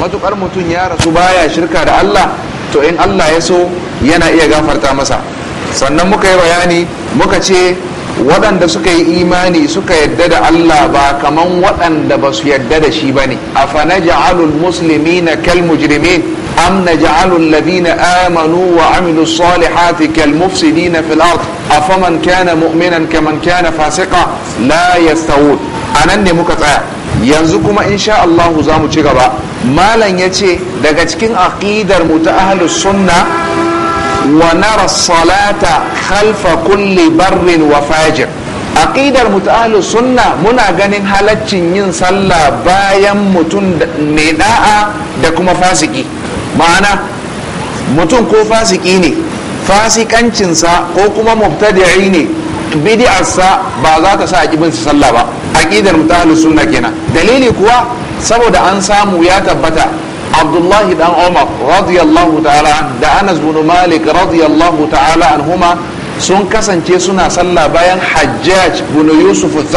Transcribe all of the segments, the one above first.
matukar mutum ya rasu baya shirka da Allah to in Allah ya so yana iya gafarta masa sannan muka yi bayani muka ce waɗanda suka yi imani suka yadda da Allah ba kaman waɗanda ba su yadda da shi ba ne a fana ja'alul musulmi na kalmujrimin am na ja'alul labina amanu wa amilu salihati kalmufsidi na fil'aut a faman kyana mu'minan kaman kyana fasika la yastawud a nan ne muka tsaya yanzu kuma insha Allah za mu ci gaba malam ya ce daga cikin aƙidar mu ta ahlus sunna wa nara salata khalfa kulli barrin wa fajir Aƙidar mu ta ahlus sunna muna ganin halaccin yin sallah bayan mutum ne da'a da kuma fasiki ma'ana mutum ko fasiki ne fasikancinsa ko kuma mubtadi'i ne bidi'ar sa ba za ta sa aqibin su sallah ba aqidar mutahalus sunna kenan dalili kuwa saboda an samu ya tabbata Abdullahi dan Umar radiyallahu ta'ala da Anas bin Malik radiyallahu ta'ala anhuma sun kasance suna sallah bayan Hajjaj bin Yusuf al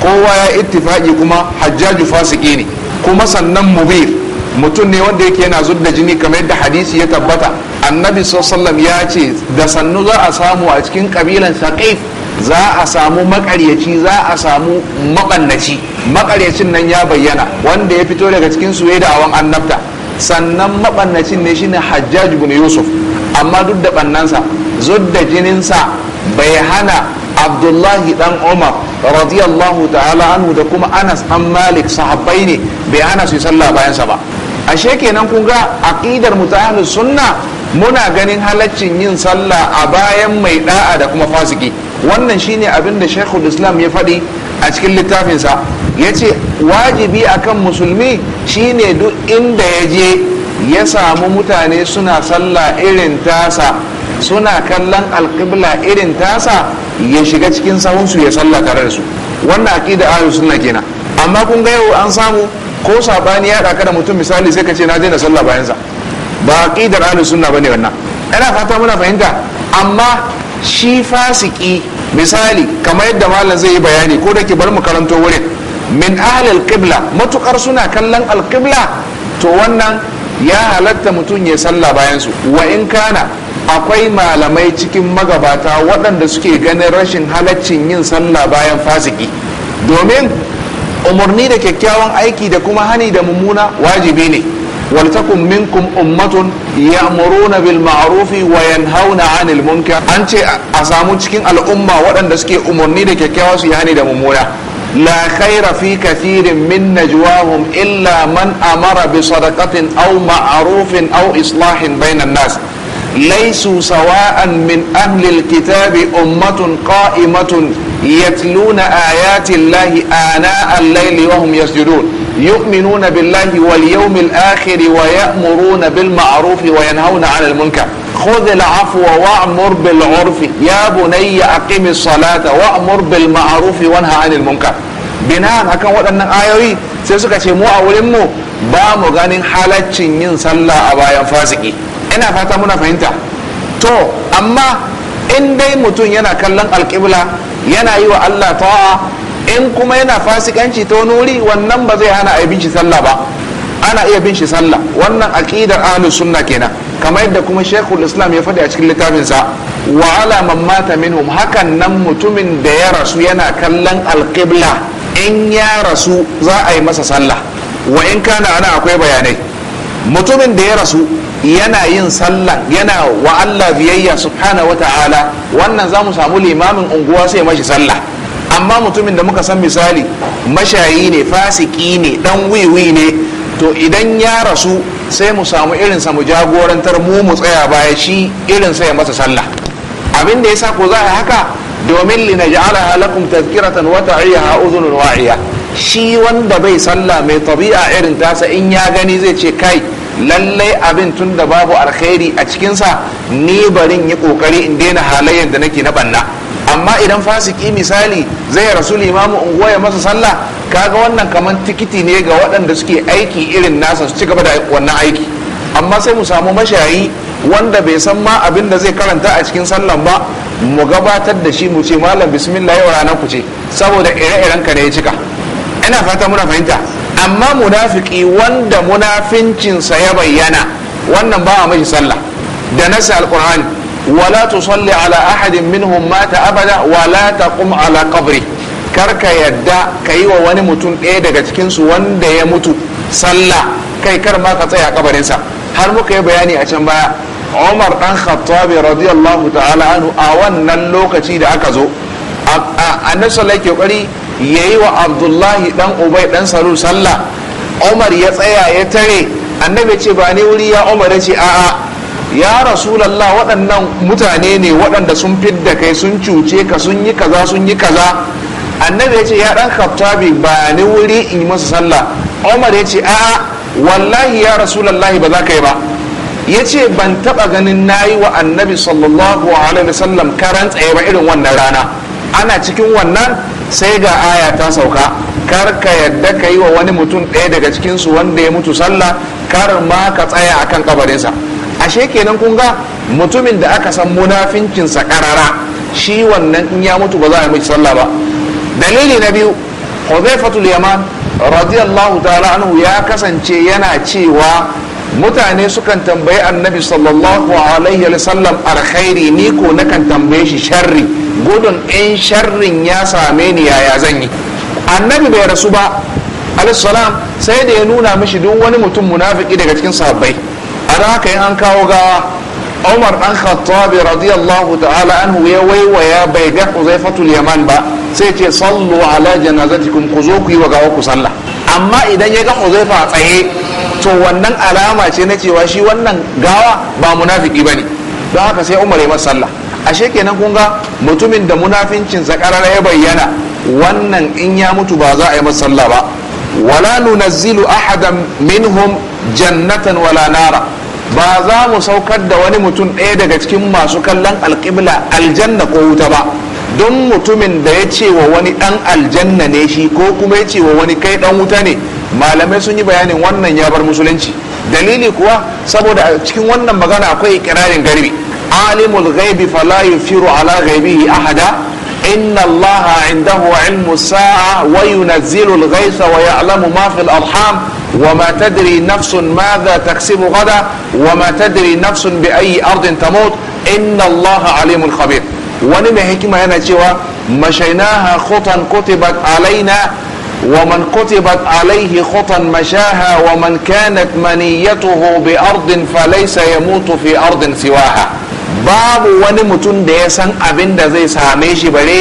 kowa ya ittifaqi kuma Hajjaj fasiki ne kuma sannan mubir mutum ne wanda yake yana zub da jini kamar yadda hadisi ya tabbata annabi sallam ya ce da sannu za a samu a cikin kabilan saqif za a samu makaryaci za a samu mabannaci makaryacin nan ya bayyana wanda ya fito daga cikin su awan annabta sannan mabannacin ne shine hajjaj ibn yusuf amma duk da bannansa zub da jininsa bai hana abdullahi dan umar radiyallahu ta'ala anhu da kuma anas an malik sahabbai ne bai hana su yi sallah bayansa ba ashe kenan kun ga aqidar mu ta sunna muna ganin halaccin yin sallah a bayan mai da'a da kuma fasiki wannan shine abin da shekul islam ya faɗi a cikin littafinsa ya ce wajibi akan musulmi shine duk inda ya je ya samu mutane suna sallah irin tasa suna kallon alƙibla irin tasa ya shiga cikin sahunsu ya sallah tare da su wannan aƙidar ahlus sunna kenan amma kun ga yau an samu ko sabani ya ɗaka da mutum misali sai ka ce na daina sallah bayansa ba aqidar ahlus sunna ne wannan ana fata muna fahimta amma shi fasiki misali kamar yadda malam zai yi bayani ko da ke bar mu karanto wurin min ahlil kibla matukar suna kallon alqibla to wannan ya halatta mutum ya sallah bayansu wa in kana akwai malamai cikin magabata waɗanda suke ganin rashin halaccin yin sallah bayan fasiki domin umarni da kyakkyawan aiki da kuma hani da mummuna wajibi ne waltakun minkum ummatun ya'muruna bil ma'rufi wa yanhauna 'anil munkar an ce a samu cikin al'umma waɗanda suke umarni da kyakkyawa su yi hani da mummuna لا خير في كثير من نجواهم إلا bi أمر بصدقة أو معروف islahin إصلاح بين الناس sawa'an min من أهل kitabi ummatun قائمة yatluna ayati ana al-layli wa hum yasjudun yu'minuna billahi wal yawmil akhir wa ya'muruna bil ma'ruf wa yanhauna 'anil munkar خذ العفو وأمر بالعرف يا بني أقم الصلاة وأمر بالمعروف وانهى عن المنكر بناء akan waɗannan ayoyi sai suka ce mu a wurin mu ba mu ganin halaccin yin sallah a bayan fasiki ina fata muna fahimta to amma in dai mutum yana kallon alkibla. yana yi wa Allah ta'a in kuma yana fasikanci ta wani wuri wannan ba zai hana a yi sallah ba ana iya bin shi sallah wannan aqidar ahlus sunna kenan kamar yadda kuma shekul islam ya faɗi a cikin littafinsa wahala ala man mata minhum hakan nan mutumin da ya rasu yana kallon alqibla in ya rasu za a yi masa sallah wa in kana ana akwai bayanai mutumin da ya rasu yana yin sallah yana wa Allah biyayya subhanahu ta'ala wannan za mu samu limamin unguwa sai mashi sallah amma mutumin da muka san misali mashayi ne fasiki ne dan wiwi ne to idan ya rasu sai mu samu irinsa mu jagorantar mu mu tsaya baya shi irinsa ya masa sallah abin da yasa ko za a haka domin li naj'alaha lakum tazkiratan wa ta'iyaha udhunun wa'iya shi wanda bai sallah mai tabi'a irin tasa in ya gani zai ce kai lallai abin tun da babu alkhairi a cikinsa ni barin yi kokari in daina halayen da nake na banna amma idan fasiki misali zai rasu limamu unguwa ya masa sallah kaga wannan kaman tikiti ne ga waɗanda suke aiki irin nasa su ci gaba da wannan aiki amma sai mu samu mashayi wanda bai san ma abin da zai karanta a cikin sallan ba mu gabatar da shi mu ce malam bismillah yau ranar ku ce saboda ire-iren ka ne ya cika ina fata muna fahimta amma munafiki wanda munafincinsa ya bayyana wannan ba a mashi sallah da nasa alkur'ani wala salli ala ahadin minhum mata abada wala ta taqum ala qabri karka yadda ka yi wa wani mutum ɗaya daga cikinsu wanda ya mutu sallah kai kar ma ka tsaya kabarinsa har muka yi bayani a can baya umar dan khattabi radiyallahu ta'ala anhu a wannan lokaci da aka zo annabi sallallahu alaihi ya yi wa abdullahi dan ubai dan salu sallah umar ya tsaya ya tare annabi ce ba ne wuri ya umar ce a'a ya rasulallah waɗannan mutane ne waɗanda sun fidda kai sun cuce ka sun yi kaza sun yi kaza annabi ya ce ya ɗan khattabi ba ni wuri in yi masa sallah umar ya ce a'a wallahi ya rasulallah ba za ka yi ba ya ce ban taɓa ganin na yi wa annabi sallallahu alaihi wasallam karan tsaye ba irin wannan rana ana cikin wannan sai ga aya ta sauka kar ka yadda ka yi wa wani mutum ɗaya daga cikinsu wanda ya mutu sallah kar ma ka tsaya akan kabarinsa ashe kenan kun ga mutumin da aka san munafincinsa karara shi wannan in ya mutu ba za a yi mishi sallah ba dalili na biyu huzaifatul yaman radiyallahu ta'ala anhu ya kasance yana cewa mutane sukan tambayi annabi sallallahu alaihi wa sallam alkhairi ni ko nakan tambaye shi sharri gudun in sharrin ya same ni yaya zan yi annabi bai rasu ba alisalam sai da ya nuna mishi duk wani mutum munafiki daga cikin sahabbai da haka yi an kawo gawa umar dan khattabi radiyallahu ta'ala anhu ya waiwaya bai ga huzaifatul yaman ba sai ce sallu ala janazatikum ku zo ku yi wa gawa ku sallah amma idan ya ga huzaifa tsaye to wannan alama ce na cewa shi wannan gawa ba munafiki bane don haka sai umar ya masa sallah ashe kenan kun ga mutumin da munafincin sa ya bayyana wannan in ya mutu ba za a yi masalla sallah ba wala nunazzilu ahadan minhum jannatan wala nara ba za mu saukar da wani mutum ɗaya daga cikin masu kallon alƙibla aljanna ko wuta ba don mutumin da ya ce wa wani ɗan aljanna ne shi ko kuma ya ce wa wani kai ɗan wuta ne malamai sun yi bayanin wannan ya bar musulunci dalili kuwa saboda cikin wannan magana akwai ikirarin garbi عالم الغيب فلا يثير على غيبه احدا ان الله عنده علم الساعه وينزل الغيث ويعلم ما في الارحام وما تدري نفس ماذا تكسب غدا وما تدري نفس باي ارض تموت ان الله عليم الخبير ونما mai hikima yana مشيناها خطا كتبت علينا ومن كتبت عليه خطا مشاها ومن كانت منيته بأرض فليس يموت في أرض سواها babu wani mutum da ya san abin da zai same shi bare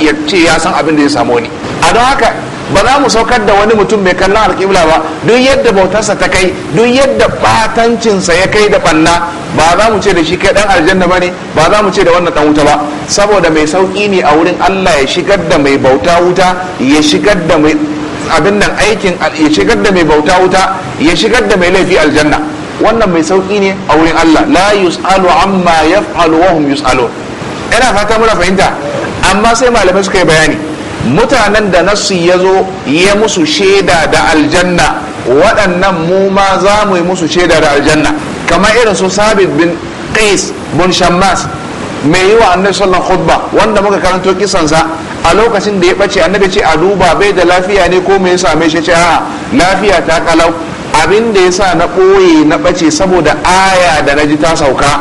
ya ce ya san abin da zai samu wani a don haka ba za mu saukar da wani mutum mai kallon alƙibla ba duk yadda bautarsa ta kai duk yadda batancinsa ya kai da ɓanna ba za mu ce da shi kai dan aljanna ba ne ba za mu ce da wannan ɗan wuta ba saboda mai sauƙi ne a wurin allah ya shigar da mai bauta wuta ya shigar da mai abin nan aikin ya shigar da mai bauta wuta ya shigar da mai laifi aljanna wannan mai sauki ne a wurin Allah la yus'alu amma yaf'alu wa hum yus'alu ina fata muna fahimta amma sai malamai suka yi bayani mutanen da nasu ya zo ya musu shaida da aljanna waɗannan mu ma za mu yi musu shaida da aljanna kamar irin su sabit bin qais bin shammas mai yi wa annabi sallan khutba wanda muka karanto kisansa a lokacin da ya ɓace annabi ce a duba bai da lafiya ne ko me ya same shi ce lafiya ta kalau abin da ya sa na ɓoye na ɓace saboda aya da na ji ta sauka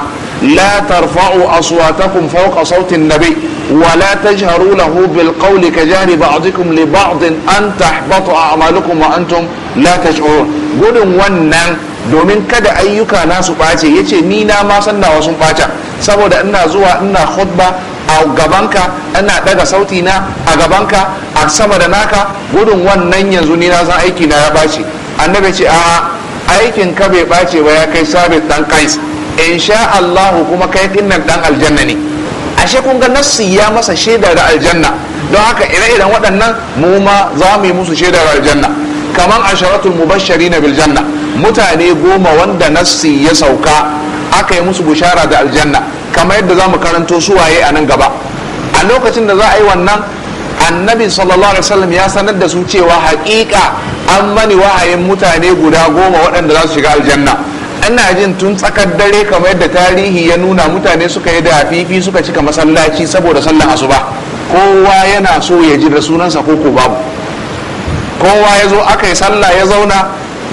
la tarfa'u aswatakum fawqa sautin nabi wa la tajharu lahu bil qawli ka jari ba'dikum li ba'din an tahbatu a'malukum wa antum la tash'urun gudun wannan domin kada ayyuka nasu ɓace yace ni na ma san sun ɓaca saboda ina zuwa ina khutba a gabanka ina daga sauti na a gabanka a sama da naka gudun wannan yanzu ni na san aiki na ya ɓace annabi ce a aikin ka bai ɓace ba ya kai sabis dan kais in sha Allah kuma kai dinnan dan aljanna ne ashe kun ga nassi ya masa da aljanna don haka ire-iren waɗannan mu ma za mu yi musu shaidar aljanna kamar asharatul mubashirin bil janna mutane goma wanda nassi ya sauka aka yi musu bushara da aljanna kamar yadda za mu karanto su waye a nan gaba a lokacin da za a yi wannan annabi sallallahu alaihi wasallam ya sanar da su cewa haƙiƙa an mani wa'ayin mutane guda goma waɗanda za su shiga aljanna ana jin tun tsakar dare kamar yadda tarihi ya nuna mutane suka yi da fifi suka cika masallaci saboda sallar asuba kowa yana so ya ji da sunansa ko ko babu kowa ya zo aka yi sallah ya zauna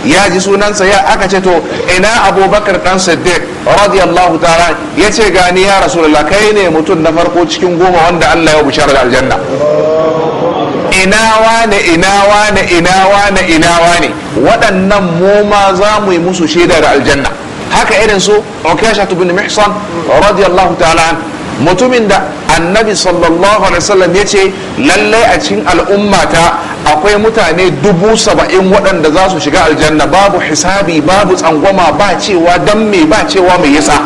ya ji sunansa ya aka ce to ina abubakar dan siddiq radiyallahu ta'ala ya ce gani ya rasulullah kai ne mutum na farko cikin goma wanda allah ya bushara da aljanna ina ne ina wane ina wane ina wane waɗannan mu za mu yi musu shaidar aljanna haka irin su ukasha ibn mihsan radiyallahu ta'ala mutumin da annabi sallallahu alaihi wasallam ya ce lallai a cikin al'ummata akwai mutane dubu saba'in waɗanda za su shiga aljanna babu hisabi babu tsangwama ba cewa dan me ba cewa mai yasa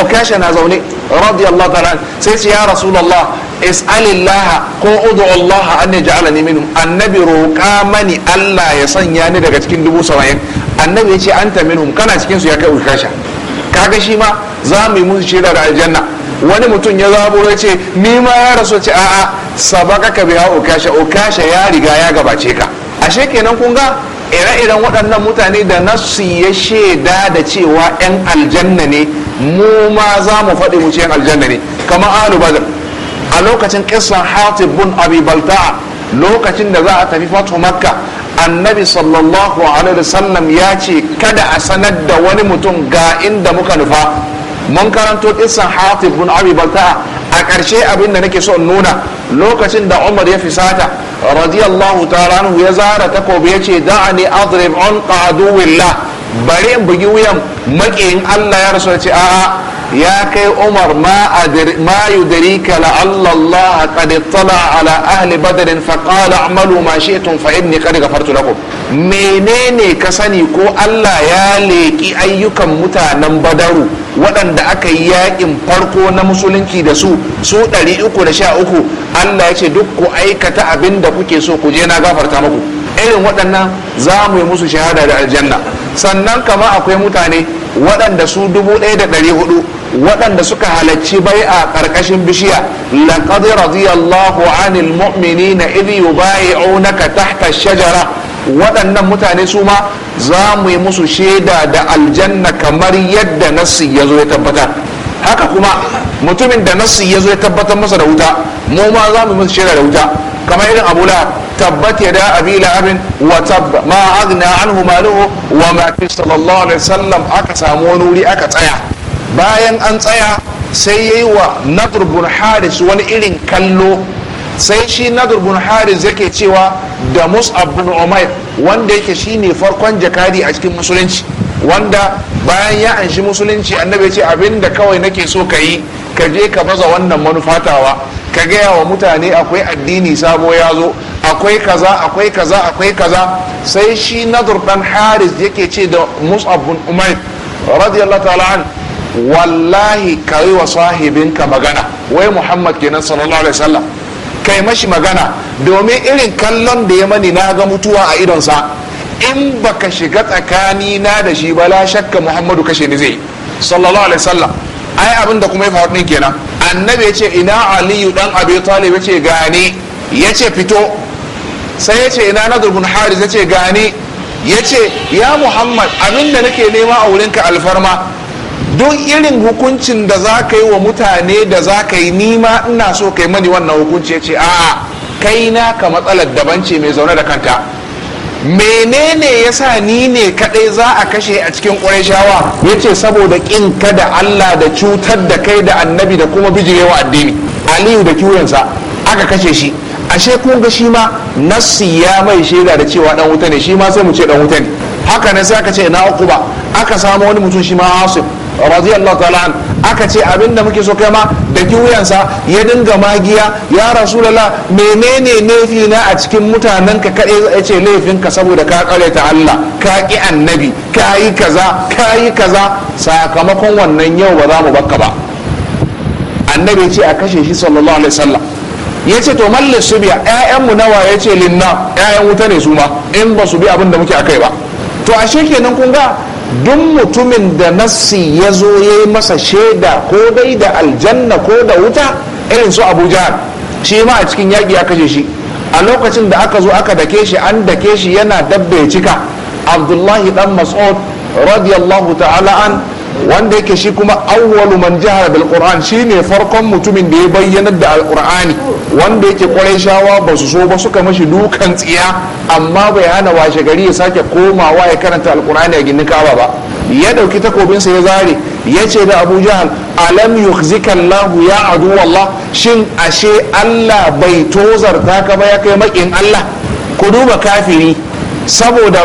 okesha na zaune radiyallahu ta'ala sai ce ya rasulullah is'alillah ko udu Allah an ya ja'ala ni minhum annabi roƙa mani Allah ya sanya ni daga cikin dubu saba'in annabi ya ce anta minhum kana cikin su ya kai ukasha kaga shi ma za mu yi musu shira da aljanna wani mutum ya zabo ya ce ni ma ya rasu ce a'a sabaka ka biya ukasha ukasha ya riga ya gabace ka ashe kenan kun ga ire-iren waɗannan mutane da nasu ya shaida da cewa 'yan aljanna ne mu ma za mu faɗi mu ce 'yan aljanna ne kamar alu badr a lokacin ƙisan hatib bin abi balta'a lokacin da za a tafi fatu makka annabi sallallahu alaihi wasallam ya ce kada a sanar da wani mutum ga inda muka nufa mun karanto ƙisan hatib bin abi balta'a a ƙarshe abin da nake so in nuna lokacin da umar ya fisata radiyallahu ta'ala ya zara takobi ya ce da'ani adrib on qaduwillah bari in bugi wuyan maƙiyin allah ya rasu da ce a'a ya kai umar ma yudarika la'alla Allah qad ala ahli badr fa qala a'malu ma shi'tum fa inni qad ghafartu lakum menene ka sani ko Allah ya leƙi ayyukan mutanen badaru waɗanda aka yi yaƙin farko na musulunci da su su ɗari uku da sha uku? Allah ya ce duk ku aikata abin da kuke so ku je na gafarta muku irin waɗannan za mu yi musu shahada da aljanna sannan kama akwai mutane waɗanda su dubu ɗaya da ɗari hudu waɗanda suka halarci bai a ƙarƙashin bishiya laqad radiyallahu anil mu'minina idh yubayi'unaka tahta shajara waɗannan mutane su ma za mu yi musu shaida da aljanna kamar yadda nassi ya zo ya tabbata haka kuma mutumin da nassi ya zo ya tabbatar masa da wuta mu ma za mu yi musu shaida da wuta kamar irin abu lahab tabbat yada abi la'abin wa tabba ma agna anhu maluhu wa ma fi sallallahu alaihi wasallam aka samu wani wuri aka tsaya bayan an tsaya sai yayi wa nadr bin haris wani irin kallo sai shi nadr bin haris yake cewa da mus'ab bin umair wanda yake shine farkon jakadi a cikin musulunci wanda bayan ya anshi musulunci annabi ya ce abinda kawai nake so ka yi ka je ka baza wannan manufatawa ka gaya wa mutane akwai addini sabo ya zo akwai kaza akwai kaza akwai kaza sai shi nadur dan haris yake ce da mus'ab bin umar radiyallahu ta'ala an wallahi kai wa sahibinka magana wai muhammad kenan sallallahu alaihi wasallam kai mashi magana domin irin kallon da ya mani na ga mutuwa a idonsa in baka shiga tsakani na da shi ba la shakka muhammadu kashe ni zai sallallahu alaihi wasallam ai abin da kuma ya faru din kenan annabi ya ce ina aliyu dan abi talib ya ce gani ya ce fito sai ya ce ina na bin haris ya ce gani ya ce ya muhammad abinda nake nema a wurinka alfarma duk irin hukuncin da za ka yi wa mutane da za ka yi nima ina so ka yi mani wannan hukunci ya ce a kai na ka matsalar daban ce mai zaune da kanta menene yasa ni ne kadai za a kashe a cikin shawa? ya ce saboda ƙin kada allah da cutar da kai da annabi da kuma bijirewa addini aliyu da kiwonsa aka kashe shi ashe kun ga shi ma nassi ya mai shaida da cewa dan wuta ne shi ma sai mu ce dan wuta ne haka nan sai aka ce na uku ba aka samu wani mutum shi ma hasim radiyallahu ta'ala an aka ce abinda muke so kai ma da wuyansa ya dinga magiya ya rasulullah menene laifi na a cikin mutanen ka kaɗai ya ce laifin ka saboda ka ta Allah ka ki annabi ka yi kaza ka yi kaza sakamakon wannan yau ba za mu baka ba annabi ya ce a kashe shi sallallahu alaihi wasallam ya ce to mallis su biya mu nawa ya ce linna yayan wuta ne su ma in ba su bi abin da muke akai ba to ashe kenan kun ga duk mutumin da nassi ya zo ya yi masa shaida ko dai da aljanna ko da wuta irin su abuja shi ma a cikin yaƙi ya kashe shi a lokacin da aka zo aka dake shi an dake shi yana dabbe cika abdullahi dan mas'ud radiyallahu ta'ala an wanda yake shi kuma awwalu man jahara bil qur'an shine farkon mutumin da ya bayyana da alqur'ani wanda yake qurayshawa ba su so ba suka mashi dukan tsiya amma bai hana washe gari ya sake komawa ya karanta alqur'ani a ginin kaba ba ya dauki takobin sa ya zare ya ce da abu jahal alam yukhzika allah ya adu wallah shin ashe allah bai tozarta ka ba ya kai makin allah ku duba kafiri saboda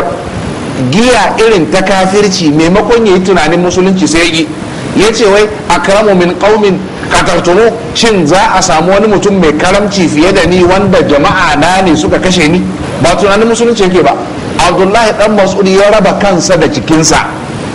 giya irin ta kafirci maimakon ya yi tunanin musulunci sai yi ya ce wai akramu min qaumin qatartumu shin za a samu wani mutum mai karamci fiye da ni wanda jama'a na ne suka kashe ni ba tunanin musulunci yake ba abdullahi dan mas'ud ya raba kansa da cikinsa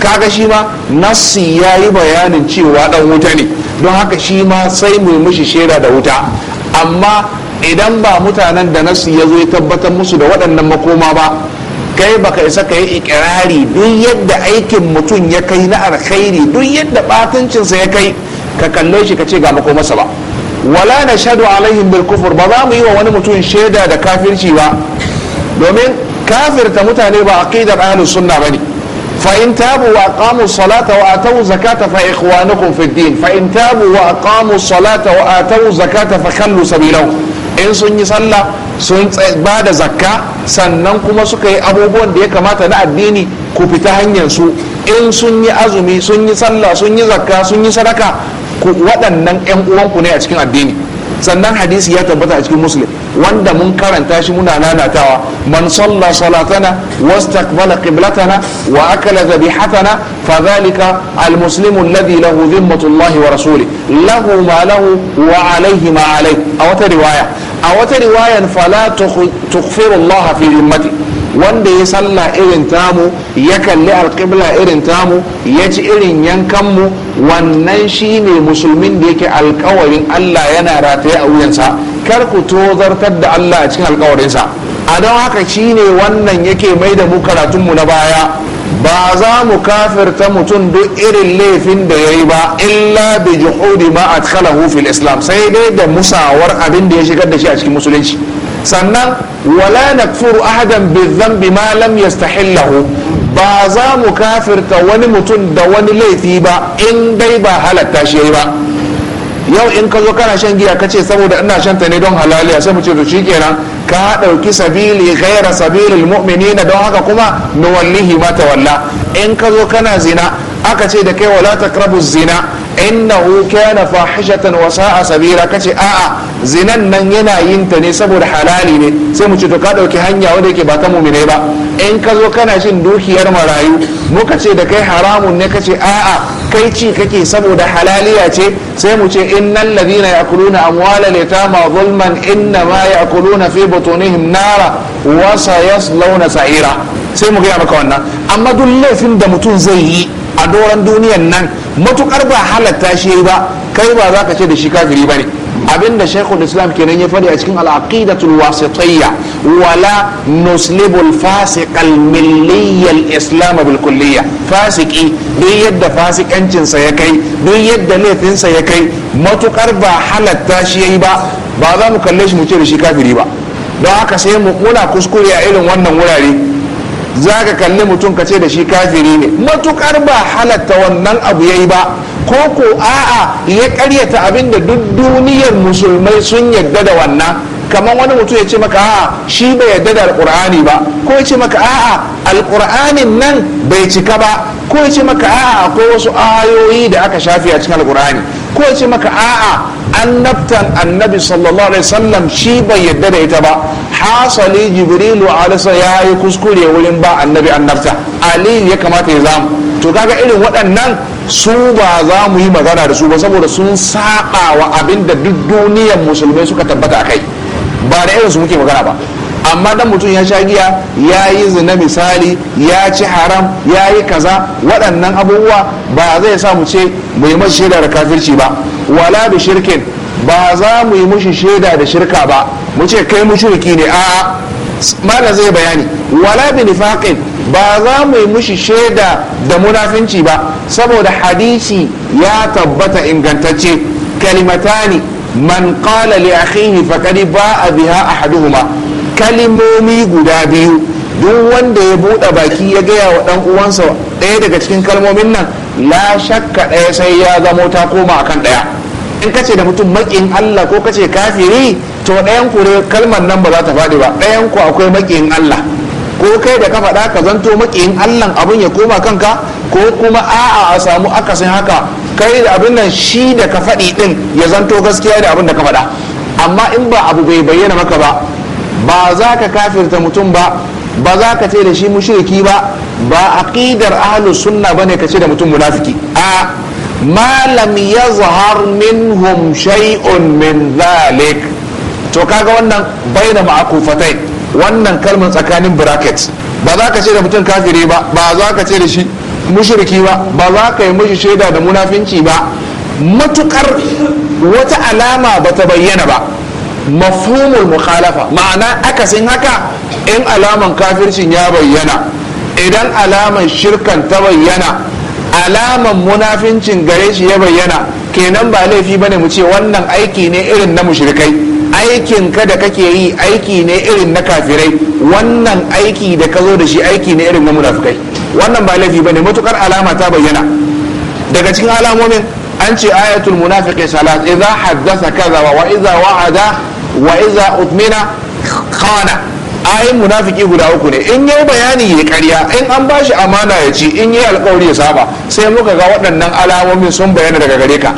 kaga shi ma nassi ya yi bayanin cewa dan wuta ne don haka shi ma sai mu mushi shaida da wuta amma idan ba mutanen da nassi ya zo ya tabbatar musu da waɗannan makoma ba kai baka isa ka yi ikirari duk yadda aikin mutum ya kai na alkhairi duk yadda batuncinsa ya kai ka kalle shi ka ce ga masa ba wala na shaɗu alaihim bil kufur ba za mu yi wa wani mutum shaida da kafirci ba domin kafirta mutane ba aqidar ahli sunna bane fa in tabu wa aqamu salata wa atu zakata fa ikhwanukum fid din fa in tabu wa aqamu salata wa atu zakata fa khallu sabilahum in sun yi sallah sun ba da zakka sannan kuma suka yi abubuwan da ya kamata na addini ku fita hanyar su in sun yi azumi sun yi sallah sun yi zakka sun yi sadaka ku waɗannan yan uwanku ne a cikin addini sannan hadisi ya tabbata a cikin muslim wanda mun karanta shi muna nanatawa man salla salatana wastaqbala qiblatana wa akala dhabihatana fadhalika almuslimu alladhi lahu dhimmatu Allah wa rasuli lahu ma lahu wa alayhi ma alayhi a wata riwaya a wata riwayan fala a fi mati, wanda ya salla irin tamu ya kalli alƙibla irin tamu ya ci irin yankanmu wannan shi ne musulmin da yake alkawarin allah yana rataye a wuyansa kar ku tozartar da allah a cikin alkawarinsa a don haka ne wannan yake mai da mu karatunmu na baya ba za mu kafirta mutum duk irin laifin da ya yi ba illa bi juhudi ma adkhalahu fil islam sai dai da musawar abin da ya shigar da shi a cikin musulunci sannan wala nakfuru ahadan bi dhanbi ma lam yastahillahu ba za mu kafirta wani mutum da wani laifi ba in dai ba halatta shi ba yau in ka zo kana shan giya ka ce saboda ina shan ta ne don halaliya sai mu ce to shi kenan ka ɗauki sabili ghaira sabilil mu'minina don haka kuma nuwallihi ma tawalla in ka zo kana zina aka ce da kai wala taqrabu zina innahu kana fahishatan wa sa'a sabira kace a'a zinan nan yana yin ta ne saboda halali ne sai mu ce to ka dauki hanya wanda yake ba ta mumine ba in ka zo kana shin dukiyar marayu muka ce da kai haramun ne kace a'a kai ci kake saboda halaliya ce sai mu ce innal ladina yakuluna amwala litama zulman inna ma yakuluna fi butunihim nara wa sayaslawna sa'ira sai mu gaya maka wannan amma duk laifin da mutum zai yi a doron duniyan nan matukar ba halatta shi ba kai ba za ka ce da shi kafiri ba ne abinda shaykhul islam kenan ya fadi a cikin al'aqidatul wasitiyya wala nuslibul fasiq al-milliyya al-islam bil kulliyya fasiki duk yadda fasikancin sa ya kai duk yadda laifin sa ya kai matukar ba halatta shi yayi ba ba za mu kalle shi mu ce da shi kafiri ba don haka sai mu muna kuskure a irin wannan wurare za ka kalli mutum ka ce da shi kafiri ne matukar ba halatta wannan abu ya yi ba ko ko a'a ya karyata abin da duk duniyar musulmai sun yadda da wannan kamar wani mutum ya ce maka a'a shi bai yadda da alkur'ani ba ko ya ce maka a'a alkur'anin nan bai cika ba ko ya ce maka a'a akwai wasu ayoyi da aka shafi a cikin alkur'ani ko ya ce maka a'a annabtan annabi sallallahu alaihi wasallam shi bai yadda da ita ba hasali jibrilu alisa ya yi kuskure wurin ba annabi annabta aliyu ya kamata ya zamu to kaga irin waɗannan su ba za mu yi magana da su ba saboda sun saɓa wa abin da duk duniyar musulmai suka tabbata a kai ba da irin su muke magana ba amma dan mutum ya sha giya ya yi zina misali ya ci haram ya yi kaza waɗannan abubuwa ba zai sa mu ce yi masu shaidar kafirci ba wala bi shirkin ba za mu yi mushi shaida da shirka ba mu ce kai mushriki ne a'a mala zai bayani wala bi ba za mu yi mushi shaida da munafinci ba saboda hadisi ya tabbata ingantacce kalimatani man qala li akhihi faqad ba'a biha ahaduhuma kalimomi guda biyu duk wanda ya buɗe baki ya gaya wa ɗan uwansa ɗaya daga cikin kalmomin nan la shakka ɗaya sai ya zamo ta koma akan ɗaya in kace da mutum makin Allah ko kace kafiri to ɗayan ku kalmar nan ba za ta faɗi ba ɗayan ku akwai makin Allah ko kai da ka faɗa ka zanto makiyin Allah abin ya koma kanka ko kuma a'a a samu akasin haka kai da abin nan shi da ka faɗi ɗin ya zanto gaskiya da abin da ka faɗa amma in ba abu bai bayyana maka ba ba za ka kafirta mutum ba ba za ka ce da shi mushriki ba ba aqidar ahlus sunna bane ka ce da mutum munafiki a ما لم yazhar minhum شيء من ذلك to kaga wannan baina ma'akufatai wannan kalmar tsakanin brackets ba za ka ce da mutum kafiri ba ba za ka ce da shi mushriki ba ba za ka yi mushi shaida da munafinci ba matukar wata alama ba ta bayyana ba mafhumul mukhalafa ma'ana akasin haka in alaman kafircin ya bayyana idan alaman shirkan ta bayyana alaman munafincin gare shi ya bayyana kenan ba laifi ne mu ce wannan aiki ne irin na mushrikai aikin ka da kake yi aiki ne irin na kafirai wannan aiki da ka zo da shi aiki ne irin na munafikai wannan ba laifi ne matukar alama ta bayyana daga cikin alamomin an ce ayatul munafiqi salat idza haddatha kaza wa idza wa'ada wa idza utmina khana ayin munafiki guda uku ne in yau bayani ya karya in an ba shi amana ya ci in yi alkawari ya saba sai muka ga waɗannan alamomin sun bayana daga gare ka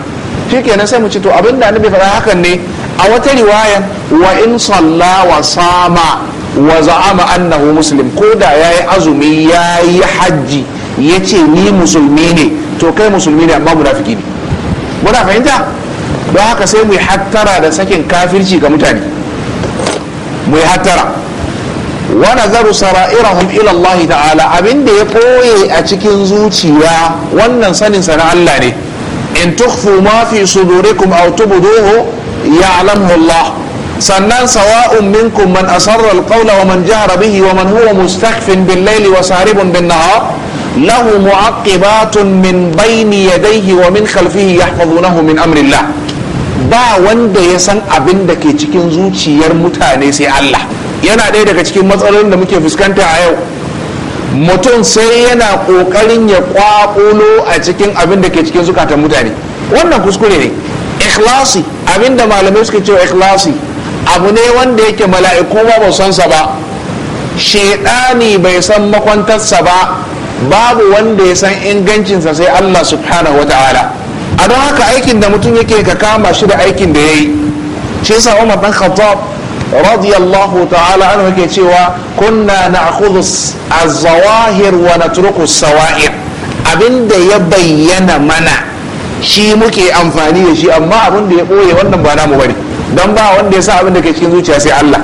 kenan sai mu ci to abinda bai faɗa hakan ne a wata riwaya wa in salla wa sama wa za'ama annahu muslim ko da yayi azumi yayi hajji yace ni musulmi ne to kai musulmi ne amma munafiki ne muna fahimta don haka sai mu yi hattara da sakin kafirci ga mutane mu yi hattara wa nazaru sara'irahum ila Allah ta'ala abin da ya koye a cikin zuciya wannan sanin sa na Allah ne in tukhfu ma fi sudurikum aw tubduhu ya'lamu Allah sannan sawa'un minkum man asarra alqawla wa man jahara bihi wa man huwa mustakfin bil layli wa saribun bin nahar له معقبات من بين يديه ومن خلفه يحفظونه من امر الله ba wanda ya san abin da ke cikin zuciyar mutane sai Allah yana ɗaya daga cikin matsalolin da muke fuskanta a yau mutum sai yana ƙoƙarin ya ƙwaƙulo a cikin abin da ke cikin zukatan mutane wannan kuskure ne ikhlasi abin da malamai suke cewa ikhlasi abu ne wanda yake mala'iku ba ba san sa ba shaidani bai san makwantarsa ba babu wanda ya san ingancinsa sai Allah subhanahu wa ta'ala a don haka aikin da mutum yake ka kama shi da aikin da ya yi shi yasa Umar dan Khattab radiyallahu ta'ala an yake cewa kunna na'khudhu a zawahir wa na turku sawair abinda ya bayyana mana shi muke amfani da shi amma abin ya ɓoye wannan ba namu bari don ba wanda ya sa abin ke cikin zuciya sai Allah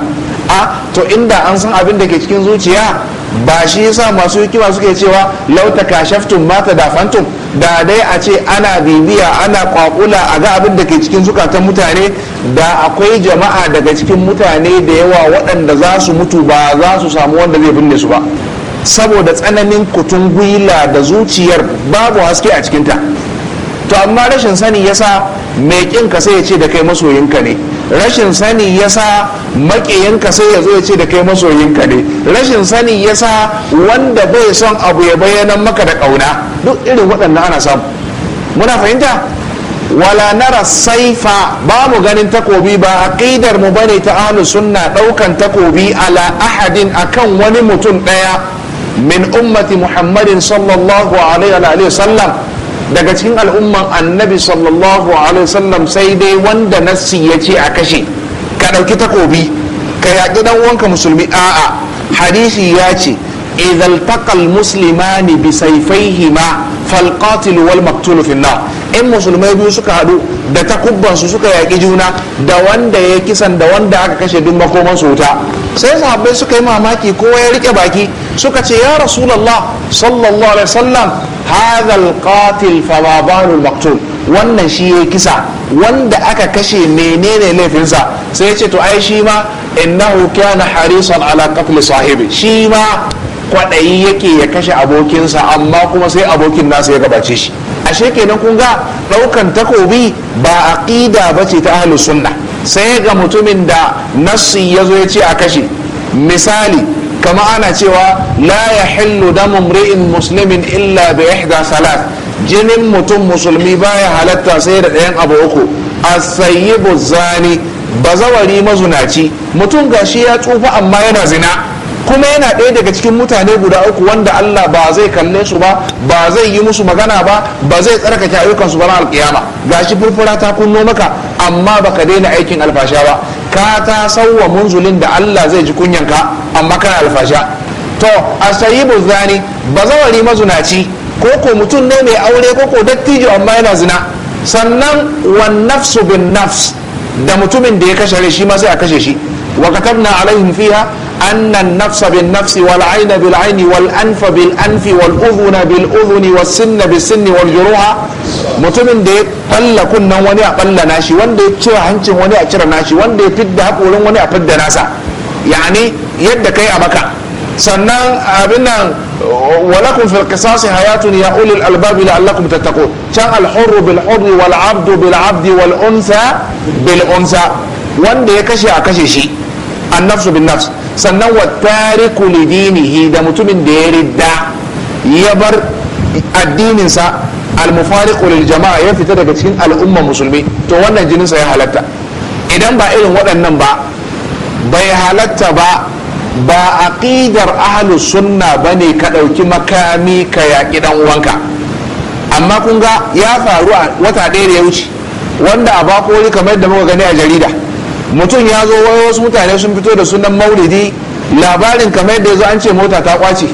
a to inda an san abinda ke cikin zuciya ba shi yasa masu hikima suke cewa lauta kashaftun mata dafantum da dai a ce ana bibiya ana kwakula a ga abin da ke cikin zukatan mutane da akwai jama'a daga cikin mutane da yawa waɗanda za su mutu ba za su samu wanda zai binne su ba saboda tsananin kutun gwila da zuciyar babu haske a cikinta to amma rashin sani yasa mai ƙin sai ya ce da kai masoyinka ne rashin sani yasa maƙiyinka sai ya zo ya ce da kai masoyinka ne rashin sani yasa wanda bai son abu ya bayyana maka da ƙauna duk irin waɗannan ana samu muna fahimta wala nara saifa ba mu ganin takobi ba ƙidar mu bane ta ahlu sunna ɗaukan takobi ala ahadin akan wani mutum ɗaya min ummati muhammadin sallallahu alaihi wa sallam daga cikin al'umman annabi sallallahu alaihi wasallam sai dai wanda nassi ya ce a kashe ka ɗauki takobi ka yaƙi dan wanka musulmi a'a hadisi ya ce idan takal muslimani bi sayfaihima fal qatil wal maqtul fi nar in musulmai biyu suka hadu da takubban su suka yaƙi juna da wanda ya kisan da wanda aka kashe duk makoman su wuta sai sahabbai suka yi mamaki kowa ya rike baki suka ce ya rasulallah sallallahu alaihi wasallam hadha qatil fa ma maqtul wannan shi yake kisa wanda aka kashe menene laifinsa sai ya ce to ai shi ma innahu kana harisan ala qatl sahibi shi ma kwadayi yake ya kashe abokinsa amma kuma sai abokin nasa ya gabace shi ashe kenan kun ga ɗaukan takobi ba aqida ba ce ta ahlus sunna sai ga mutumin da nassi ya zo ya ce a kashe misali kama ana cewa la ya hillu damu mri'in muslimin illa bi ihda salat jinin mutum musulmi baya halatta sai da ɗayan abu uku as-sayyibu zani bazawari mazunaci mutum gashi ya tsufa amma yana zina kuma yana ɗaya daga cikin mutane guda uku wanda Allah ba zai kalle su ba ba zai yi musu magana ba ba zai tsarkake ayyukansu ba na ga gashi furfura ta kunno maka amma baka daina aikin alfasha ba ka ta sauwa munzulin da Allah zai ji kunyanka amma kana alfasha to asayibu zani bazawari mazunaci ko ko mutum ne mai aure ko ko dattijo amma yana zina sannan wan nafsu bin nafs da mutumin da ya kashe shi ma sai a kashe shi wa katabna alaihim fiha أن النفس بالنفس والعين بالعين والأنف بالأنف والأذن بالأذن والسن بالسن والجروح mutumin da ya balla kunnan wani a balla nashi wanda ya cire hancin wani a cire nashi wanda ya fidda haƙorin wani a fidda nasa yani yadda kai a maka sannan abin nan walakum fil qisasi hayatun ya ulil albab la'allakum tattaqun can al bil hurr wal abdu bil abdi wal unsa bil unsa wanda ya kashe a kashe shi an nafsu bin nafs sannan wa tariku lidinihi da mutumin da ya ridda ya bar addininsa almufariqu lil jama'a ya fita daga cikin al'umma musulmi to wannan jininsa ya halatta idan ba irin waɗannan ba bai halatta ba ba aqidar ahlus sunna ne ka ɗauki makami ka yaƙi dan uwanka amma kun ga ya faru a wata ɗaya da ya wuce wanda a bakori kamar yadda muka gani a jarida mutum ya zo wai wasu mutane sun fito da sunan maulidi labarin kamar yadda ya zo an ce mota ta kwace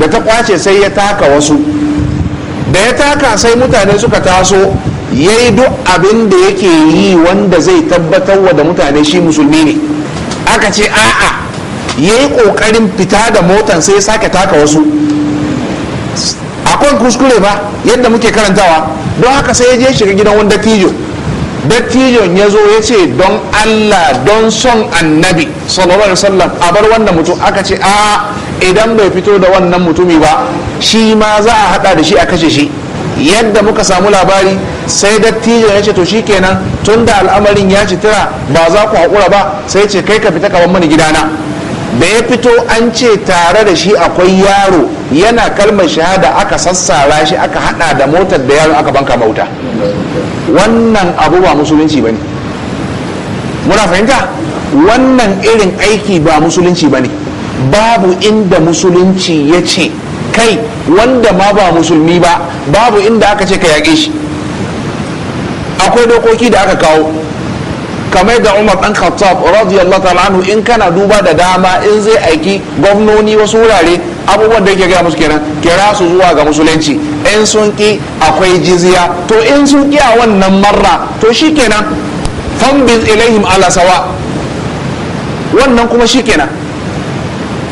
da ta kwace sai ya taka wasu da ya taka sai mutane suka taso ya yi duk abin da yake yi wanda zai tabbatar wa da mutane shi musulmi ne aka ce a'a ya yi ƙoƙarin fita da motan sai ya sake taka wasu akwai kuskure ba yadda muke karantawa don haka sai ya je shiga gidan wanda tijo dattijon ya zo ya ce don allah don son annabi sallallahu alaihi wasallam a bar wannan mutum aka ce a idan bai fito da wannan mutumi ba shi ma za a hada da shi a kashe shi yadda muka samu labari sai dattijon ya ce to shikenan tun da al'amarin ya ci tira ba za ku haƙura ba sai ce kai ka fita ka mani gidana da ya fito an ce tare da shi akwai yaro yana kalmar shahada aka sassara shi aka hada da motar da yaro aka banka mauta wannan abu ba musulunci ba ne muna fahimta wannan irin aiki ba musulunci ba ne babu inda musulunci ya ce kai wanda ma ba musulmi ba babu inda aka ce ka yaƙe shi akwai dokoki da aka kawo kamar da umar dan khattab radiyallahu ta'ala anhu in kana duba da dama in zai aiki gwamnoni wasu wurare abubuwan da yake gaya musu kenan kira su zuwa ga musulunci in sun ki akwai jizya to in sun ki a wannan marra to shikenan fambiz ilaihim ala sawa wannan kuma shikenan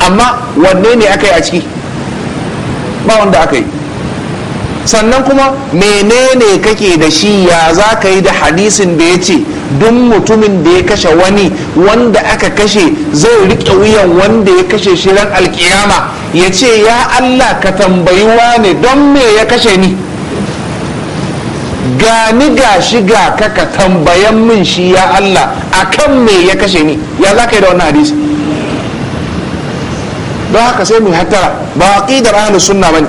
amma wanne ne aka yi a ciki ba wanda aka yi sannan kuma menene kake da shi ya za ka yi da hadisin da ya ce duk mutumin da ya kashe wani wanda aka kashe zai riƙe wuyan wanda ya kashe shi ran alkiyama ya ce ya allah ka tambayi wane don me ya kashe ni gani ga shi ga ka ka tambayan min shi ya allah akan me ya kashe ni ya za ka yi da wannan hadisi don haka sai mai hattara ba da ahlus sunna ne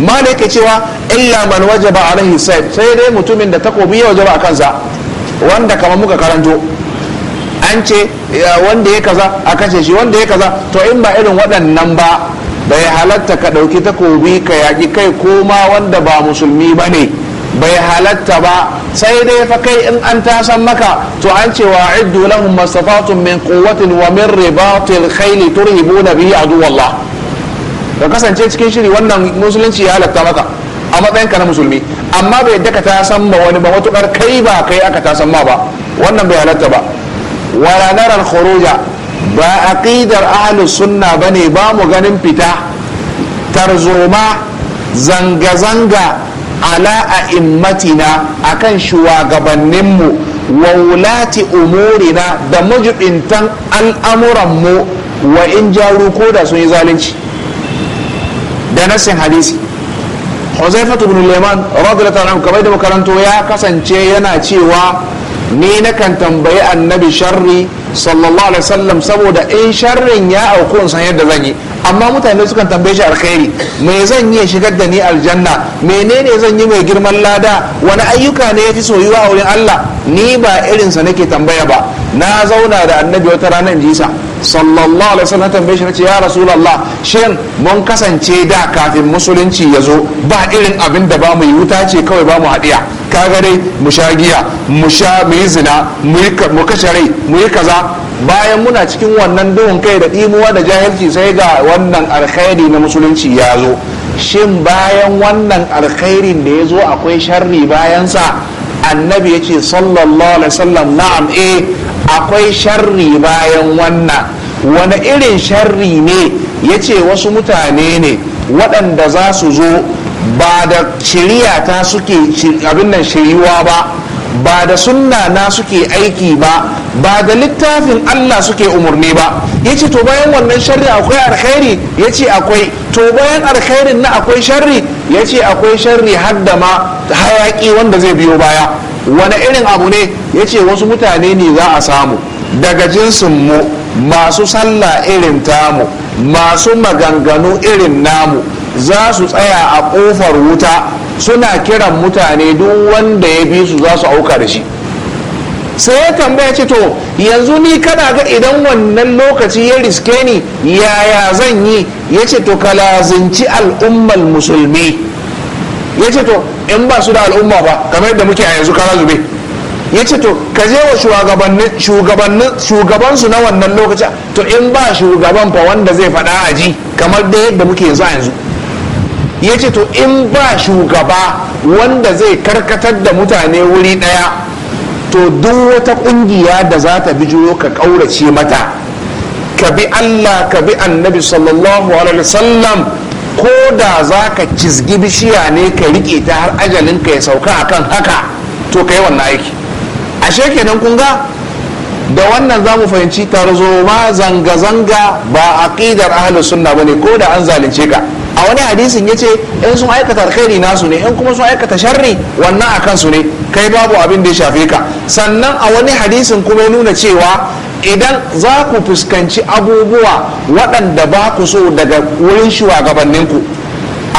ma da yake cewa illa man wajaba a sai sai dai mutumin da takobi ya wajaba a kansa wanda kamar muka karanto an ce wanda ya kaza a kashe shi wanda ya kaza to in ba irin waɗannan ba bai halatta ka ɗauki takobi ka yaƙi kai ko ma wanda ba musulmi ba ne bai halatta ba sai dai fa kai in an tasan maka to an ce wa iddu lahum mastafatun min quwwatin wa min ribatil khayl turhibuna adu wallah ka kasance cikin shiri wannan musulunci ya halatta maka a matsayinka na musulmi amma bai daka ka ta san ma wani ba matukar kai ba kai aka ta san ma ba wannan bai halatta ba waranar al khuruja ba aqidar ƙidar sunna bane ba mu ganin fita tarzoma zanga zanga ala a'immatina akan shugabanninmu wa wulati umurina da mujibintan al'amuranmu wa in jaru ko da sun yi zalunci da nasin hadisi Huzaifa ibn Liman radiyallahu anhu kamar da makaranto ya kasance yana cewa ni nakan tambayi annabi sharri sallallahu alaihi wasallam saboda in sharrin ya auku in san yadda zan yi amma mutane sukan tambaye shi alkhairi me zan yi shigar da ni aljanna menene zan yi mai girman lada wani ayyuka ne ya fi soyuwa a wurin Allah ni ba irinsa nake tambaya ba na zauna da annabi wata ranar jisa. sallallahu alaihi wasallam tambaye shi nace ya rasulullah shin mun kasance da kafin musulunci ya zo ba irin abin da ba mu yi wuta ce kawai ba mu haɗiya kaga dai mu sha giya mu sha mu yi zina mu kashe rai mu yi kaza bayan muna cikin wannan duhun kai da ɗimuwa da jahilci sai ga wannan alkhairi na musulunci ya zo shin bayan wannan alkhairin da ya zo akwai sharri bayansa annabi yace ce sallallahu alaihi wasallam na'am eh akwai sharri bayan wannan wani irin sharri ne ya ce wasu mutane ne waɗanda za su zo ba da shirya ta suke abin nan shiriwa ba ba da sunna na suke aiki ba ba da littafin Allah suke umarni ba ya ce to bayan wannan sharri akwai alkhairi ya ce akwai to bayan alkhairin na akwai sharri ya ce akwai sharri har da ma hayaki wanda zai biyo baya wani irin abu ne ya ce wasu mutane ne za a samu daga jinsin mu masu sallah irin tamu masu maganganu irin namu za su tsaya a ƙofar wuta suna kiran mutane duk wanda ya bi su za su auka da shi sai ya tambaya ce to yanzu ni kana ga idan wannan lokaci ya riske ni yaya zan yi ya ce to ka lazinci al'ummar musulmi ya ce to in ba su da al'umma ba kamar yadda muke a yanzu kara zube ya ce to ka je wa shugabansu na wannan lokacin to in ba shugaban fa wanda zai faɗa a ji kamar da yadda muke yanzu a yanzu ya ce to in ba shugaba wanda zai karkatar da mutane wuri ɗaya to duk wata ƙungiya da za ta bijiro ka ƙaurace mata ka bi allah ka bi annabi sallallahu alaihi wasallam ko da za ka cizgi bishiya ne ka riƙe ta har ajalin ka ya sauka akan haka to ka yi wannan aiki A kenan kun ga da wannan za mu fahimci tarzoma zanga-zanga ba aƙidar ahalus sunna ba ne ko da an zalunce ka a wani hadisin ya ce in sun aikata alkhairi nasu ne in kuma sun aikata sharri wannan a kansu ne kai babu abin da ya shafe ka sannan a wani hadisin kuma ya nuna cewa idan za ku fuskanci abubuwa waɗanda ba ku so daga wurin shugabanninku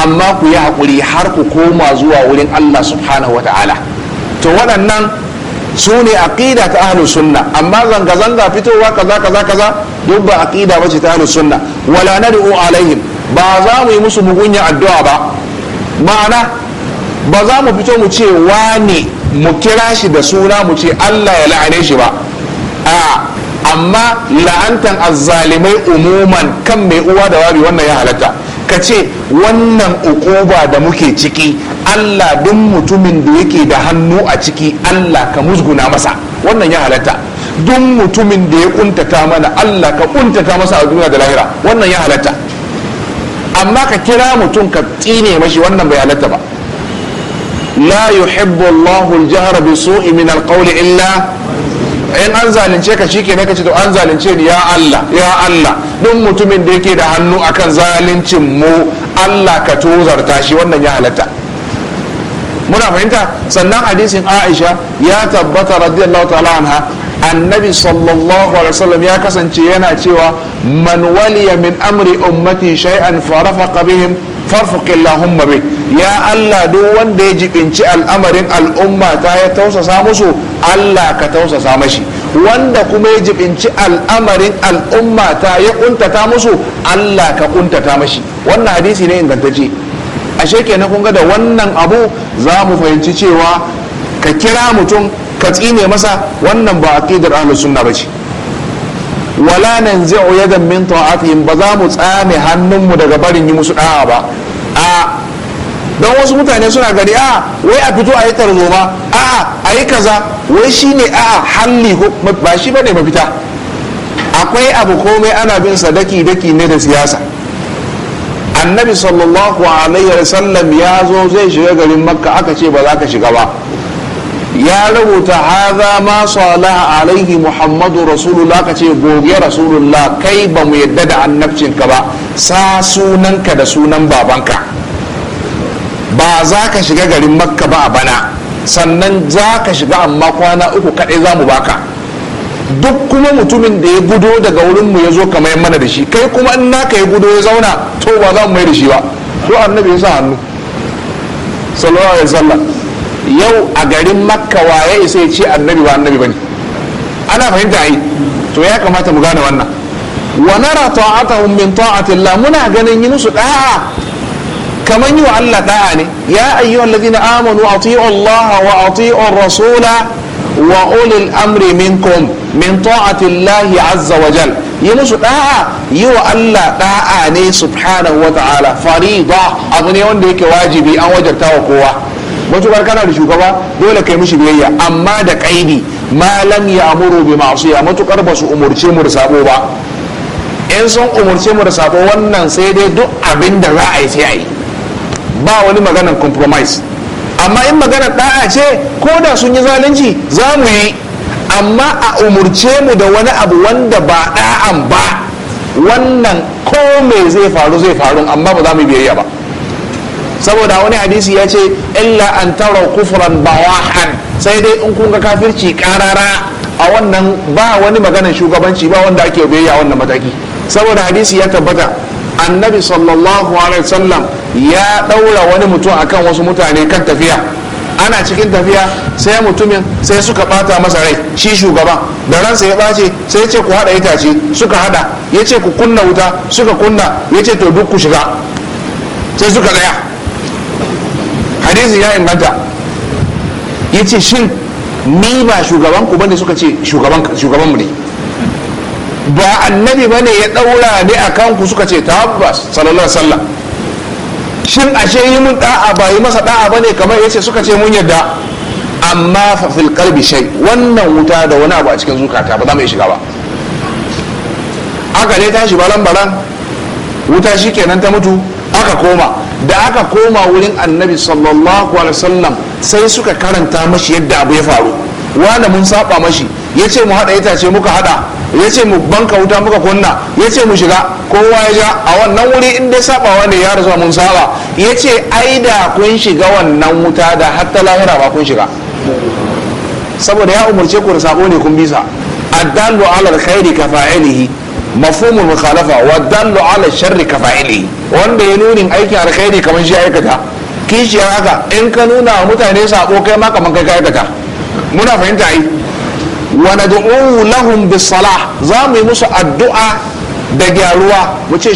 amma ku yi haƙuri har ku koma zuwa wurin allah subhanahu wa ta'ala to waɗannan su ne aƙida ta ahlu sunna amma zanga-zanga fitowa kaza kaza kaza duk ba aƙida ba ce ta ahlu sunna wala nad'u alaihim ba za mu yi musu mugunya addu'a ba ma'ana ba za mu fito mu ce wane mu kira shi da suna mu ce Allah ya la'ane shi ba a amma la'antan azzalimai umuman kan mai uwa da wari wannan ya halatta ka ce wannan ukuba da muke ciki Allah duk mutumin da yake da hannu a ciki Allah ka musguna masa wannan ya halatta duk mutumin da ya kuntata mana Allah ka kuntata masa a duniya da lahira wannan ya halatta amma ka kira mutum ka tsine mashi wannan bai halatta ba la yuhibbu Allahu al-jahra bi su'i min illa in an zalunce ka shi kenan ka to an zalunce ni ya Allah ya Allah duk mutumin da yake da hannu akan zaluncin mu Allah ka tozarta shi wannan ya halatta muna fahimta sannan hadisin Aisha ya tabbata radiyallahu ta'ala anha annabi sallallahu alaihi wasallam ya kasance yana cewa man waliya min amri ummati shay'an farafaqa bihim farfuq allahumma bi ya Allah duk wanda ya jibinci al'amarin al'umma ta ya tausasa musu Allah ka tausasa mashi wanda kuma ya jibinci al'amarin al'umma ta ya kuntata musu Allah ka kuntata mashi wannan hadisi ne ingantacce ashe kenan kun ga da wannan abu za mu fahimci cewa ka kira mutum ka tsine masa wannan ba a aqidar ahlus sunna ce wala nanzi'u minto min ta'atihim ba za mu tsame hannunmu daga barin yi musu ɗawa ba a don wasu mutane suna gari a wai a fito a yi tarzoma a a yi kaza wai shine a halli ba shi ne mafita akwai abu komai ana bin sa daki daki ne da siyasa annabi sallallahu alaihi wasallam ya zo zai shiga garin makka aka ce ba za ka shiga ba ya rubuta haza ma salaha alaihi muhammadu rasulullah ka ce goge rasulullah kai ba mu yadda da annabcin ka ba sa sunanka da sunan babanka ba za ka shiga garin makka ba a bana sannan za ka shiga amma kwana uku kaɗai za mu baka duk kuma mutumin da ya gudo daga wurinmu ya zo kamar mana da shi kai kuma in naka ya gudo ya zauna to ba za mu mai da shi ba to annabi ya sa hannu sallallahu alaihi wasallam yau a garin makka waye isa ya ce annabi ba annabi bane ana fahimta ai to ya kamata mu gane wannan wa nara ta'atahum min ta'ati Allah muna ganin yin su da'a kaman yi wa Allah da'a ne ya ayyuhal ladina amanu ati'u Allah wa ati'u rasula wa ulil amri minkum min ta'ati Allah azza wa jal yi musu da'a yi wa Allah da'a ne subhanahu wa ta'ala farida abu ne wanda yake wajibi an wajabta wa kowa matukar kana da shugaba dole kai mishi biyayya amma da kaidi malam ya amuru bi ya matukar ba su umurce mu da sabo ba in sun umurce mu da sabo wannan sai dai duk abin da za a yi sai a yi ba wani maganar compromise amma in maganar da'a ce ko da sun yi zalunci za mu yi amma a umurce mu da wani abu wanda ba da'an ba wannan ko mai zai faru zai faru amma ba za mu biyayya ba saboda wani hadisi ya ce illa an tara kufran bawahan sai dai in kun ga kafirci karara a wannan ba wani maganar shugabanci ba wanda ake biyayya a wannan mataki saboda hadisi ya tabbata annabi sallallahu alaihi wasallam ya daura wani mutum akan wasu mutane kan tafiya ana cikin tafiya sai mutumin sai suka bata masa rai shi shugaban da ransa ya bace sai ya ce ku hada itace suka hada ya ce ku kunna wuta suka kunna ya ce to duk ku shiga sai suka tsaya hadisi ya inganta ya ce shin ni ba shugaban ku bane suka ce shugaban mu ne ba annabi bane ya daura ne a kanku suka ce tabbas sallallahu sallam shi shin ashe yi mun da'a ba yi masa da'a bane kamar ya ce suka ce mun yadda amma fa fil qalbi wannan wuta da wani abu a cikin zukata ba za mu shiga ba aka ne tashi balan balan wuta shi shikenan ta mutu aka koma da aka koma wurin annabi sallallahu alaihi wasallam sai suka karanta mashi yadda abu ya faru wanda mun saba mashi ya ce mu haɗa itace muka haɗa ya ce mu banka wuta muka kunna ya ce mu shiga kowa ya ja a wannan wuri in dai sabawa ne ya rasu mun saba ya ce ai da kun shiga wannan wuta da ta lahira ba kun shiga saboda ya umarce ku da sabo ne kun bisa addallu ala khairi ka fa'ilihi mafhumul mukhalafa wa dallu ala sharri kafaili wanda ya nunin aikin alkhairi kamar shi aikata kishiyar haka in ka nuna wa mutane sako kai ma kamar kai ka aikata muna fahimta ai wa nad'u lahum bis salah za mu yi musu addu'a da gyaruwa mu ce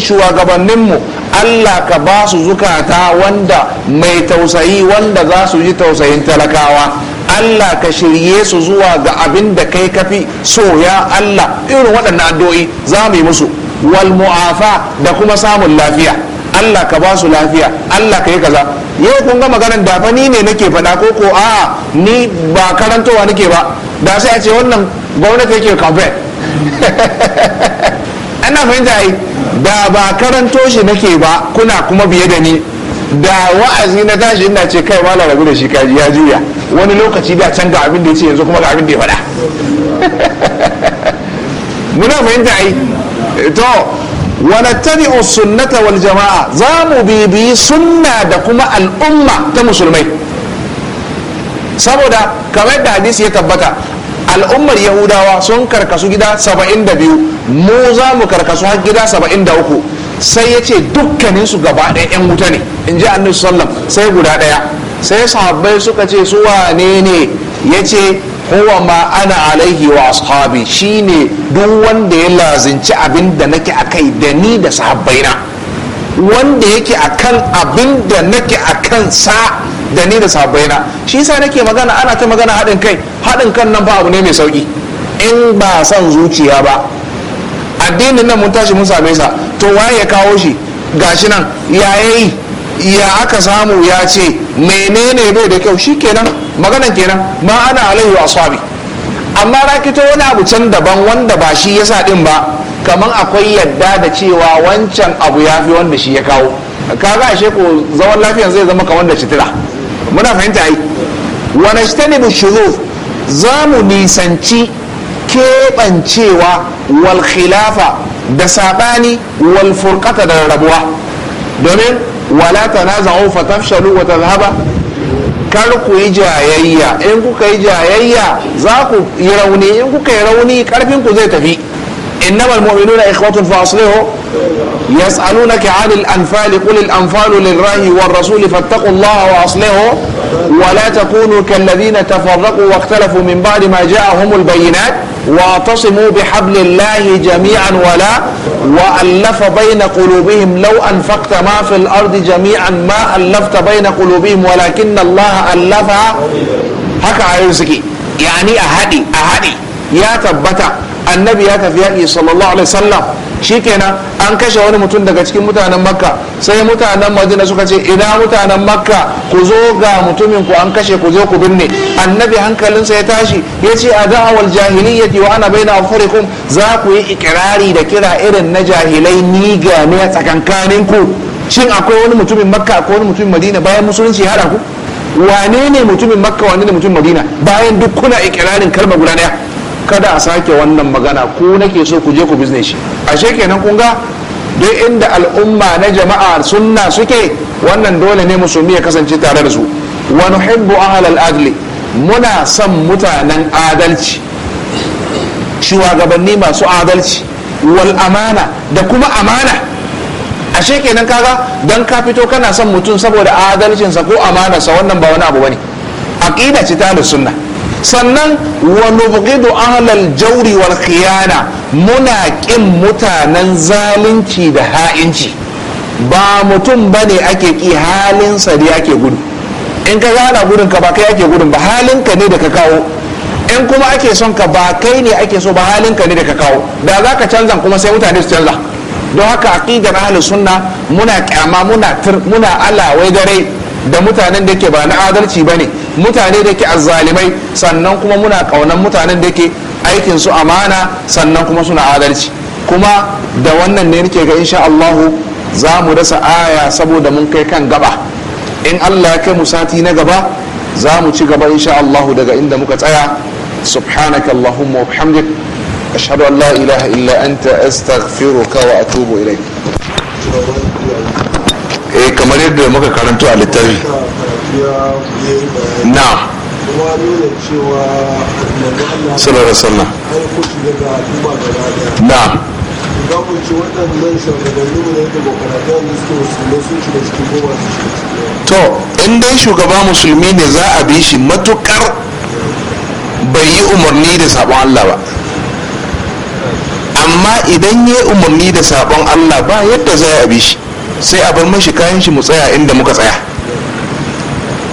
mu Allah ka ba su zukata wanda mai tausayi wanda za su ji tausayin talakawa Allah ka shirye su zuwa ga abin da kai kafi so ya Allah irin waɗannan addu'o'i za mu yi musu wal mu'afa da kuma samun lafiya Allah ka ba su lafiya Allah ka yi kaza yau kun ga maganar da fa ni ne nake faɗa ko ko a ni ba karantowa nake ba da sai a ce wannan gwamnati yake kafe ana fahimta ai da ba karanto shi nake ba kuna kuma biye da ni da wa'azi na tashi ina ce kai malam rabu da shi kaji ya juya wani lokaci da can ga abin da ya ce yanzu kuma ga abin da ya faɗa muna fahimta ai to wani tabi sunnata wal jama'a za mu bibiyi sunna da kuma al'umma ta musulmai saboda kamar da hadisi ya tabbata al'ummar yahudawa sun karkasu gida 72 mu za mu karkasu har gida 73 sai ya ce dukkaninsu gaba ɗaya 'yan wuta ne in ji annabi sallam sai guda ɗaya sai sahabbai suka ce su wane ne ya ce huwa ma ana alaihi wa ashabi ne duk wanda ya lazinci abin da nake kai da ni da na. wanda yake kan abin da nake a kan sa da ni da na shi sa nake magana ana ta magana haɗin kai haɗin kan nan ba abu ne mai sauki in ba son zuciya ba addinin nan mun tashi mun same sa to waye ya kawo shi gashi nan ya yi? ya aka samu ya ce menene bai da kyau shikenan maganan kenan ma ana alaihi ashabi amma rakito wani abu can daban wanda ba shi yasa din ba kaman akwai yadda da cewa wancan abu ya fi wanda shi ya kawo kaga ashe ko zaman lafiyan zai zama kamar da citira muna fahimta ai wa nashtanibu shuzuz za mu nisanci keɓancewa wal khilafa da saɓani wal furqata da rabuwa domin wala tanaza'u fatafshalu wa tadhhaba kar ku yi jayayya in kuka yi jayayya za ku yi rauni in kuka yi rauni karfin ku zai tafi innamal mu'minuna ikhwatun fa aslihu yas'alunaka 'anil anfali qul al anfalu lirahi war rasuli fattaqullaha wa aslihu ولا تكونوا كالذين تفرقوا واختلفوا من بعد ما جاءهم البينات واعتصموا بحبل الله جميعا ولا وألف بين قلوبهم لو أنفقت ما في الأرض جميعا ما ألفت بين قلوبهم ولكن الله الف هكا ayoyin يعني اهدي اهدي يا تبتا النبي يا tabbata annabi ya tafi yaƙi shikenan an kashe wani mutum daga cikin mutanen makka sai mutanen madina suka ce ina mutanen makka ku zo ga mutumin ku an kashe ku zo ku binne annabi hankalinsa ya tashi ya ce a da'awar jahiliyyati wa ana baina afurikum za ku yi ikirari da kira irin na jahilai ni ga ne a tsakankanin shin akwai wani mutumin makka akwai wani mutumin madina bayan musulunci ya ku wane ne mutumin makka wane ne mutumin madina bayan duk kuna ikirarin kalma guda daya kada a sake wannan magana ku nake so ku je ku bizne shi ashe kenan kun ga duk inda al'umma na jama'a sunna suke wannan dole ne musulmi ya kasance tare da su wa nuhibbu ahlal adli muna son mutanen adalci shugabanni masu adalci wal amana da kuma amana ashe kenan kaga dan ka fito kana son mutum saboda adalcinsa ko amanarsa wannan ba wani abu bane aqida ce ta sunna sannan wa nubghidu ahlal jawri wal khiyana muna kin mutanen zalunci da ha'inci ba mutum bane ake ki halin sa da yake gudu in ka gana gudun ka ba kai ake gudun ba halin ka ne da ka kawo in kuma ake son ka ba kai ne ake so ba halin ka ne da ka kawo da za ka canza kuma sai mutane su canza don haka aqidar ahli sunna muna kyama muna tir muna wai dare da mutanen da ke ba na adalci bane mutane da ke azzalimai sannan kuma muna kaunan mutanen da ke aikin su amana sannan kuma suna adalci kuma da wannan ne nake ga insha Allah za mu dasa aya saboda mun kai kan gaba in Allah ya kai mu sati na gaba za mu ci gaba insha Allah daga inda muka tsaya subhanaka allahumma wa bihamdik ashhadu an la ilaha illa anta astaghfiruka wa atubu ilayk eh kamar yadda muka karanto a littafi na kuma nuna na to in dai shugaba musulmi ne za a bi shi matukar bai yi umarni da sabon Allah ba amma idan ya yi umarni da sabon Allah ba yadda za a bi shi sai a bar mashi kayan shi mu tsaya inda muka tsaya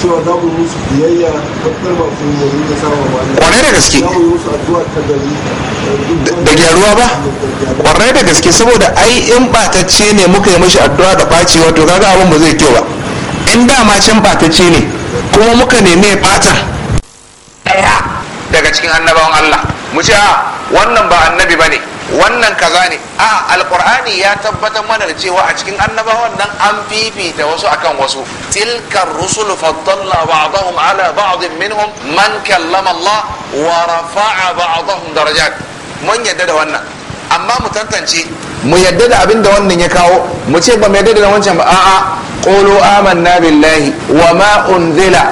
cewa za mu da sama da gaske da gyaruwa ba kwarai da gaske saboda ai in batacce ne muka yi mashi addu'a da ɓaci wato kaga abin ba zai kyau ba in dama can batacce ne kuma muka nemi ya daya daga cikin annabawan Allah mu ce a ah, wannan ba annabi ba ne. wannan kaza ne a alkur'ani ya tabbatar mana da cewa a cikin annabawan nan an fifita wasu akan wasu tilkar rusul faddalla ba'dahum ala ba'dhin minhum man kallama Allah wa rafa'a ba'dahum darajat mun yadda da wannan amma mu tantance mu yadda da abin da wannan ya kawo mu ce ba mu yadda da wancan ba a'a qulu amanna billahi wa ma unzila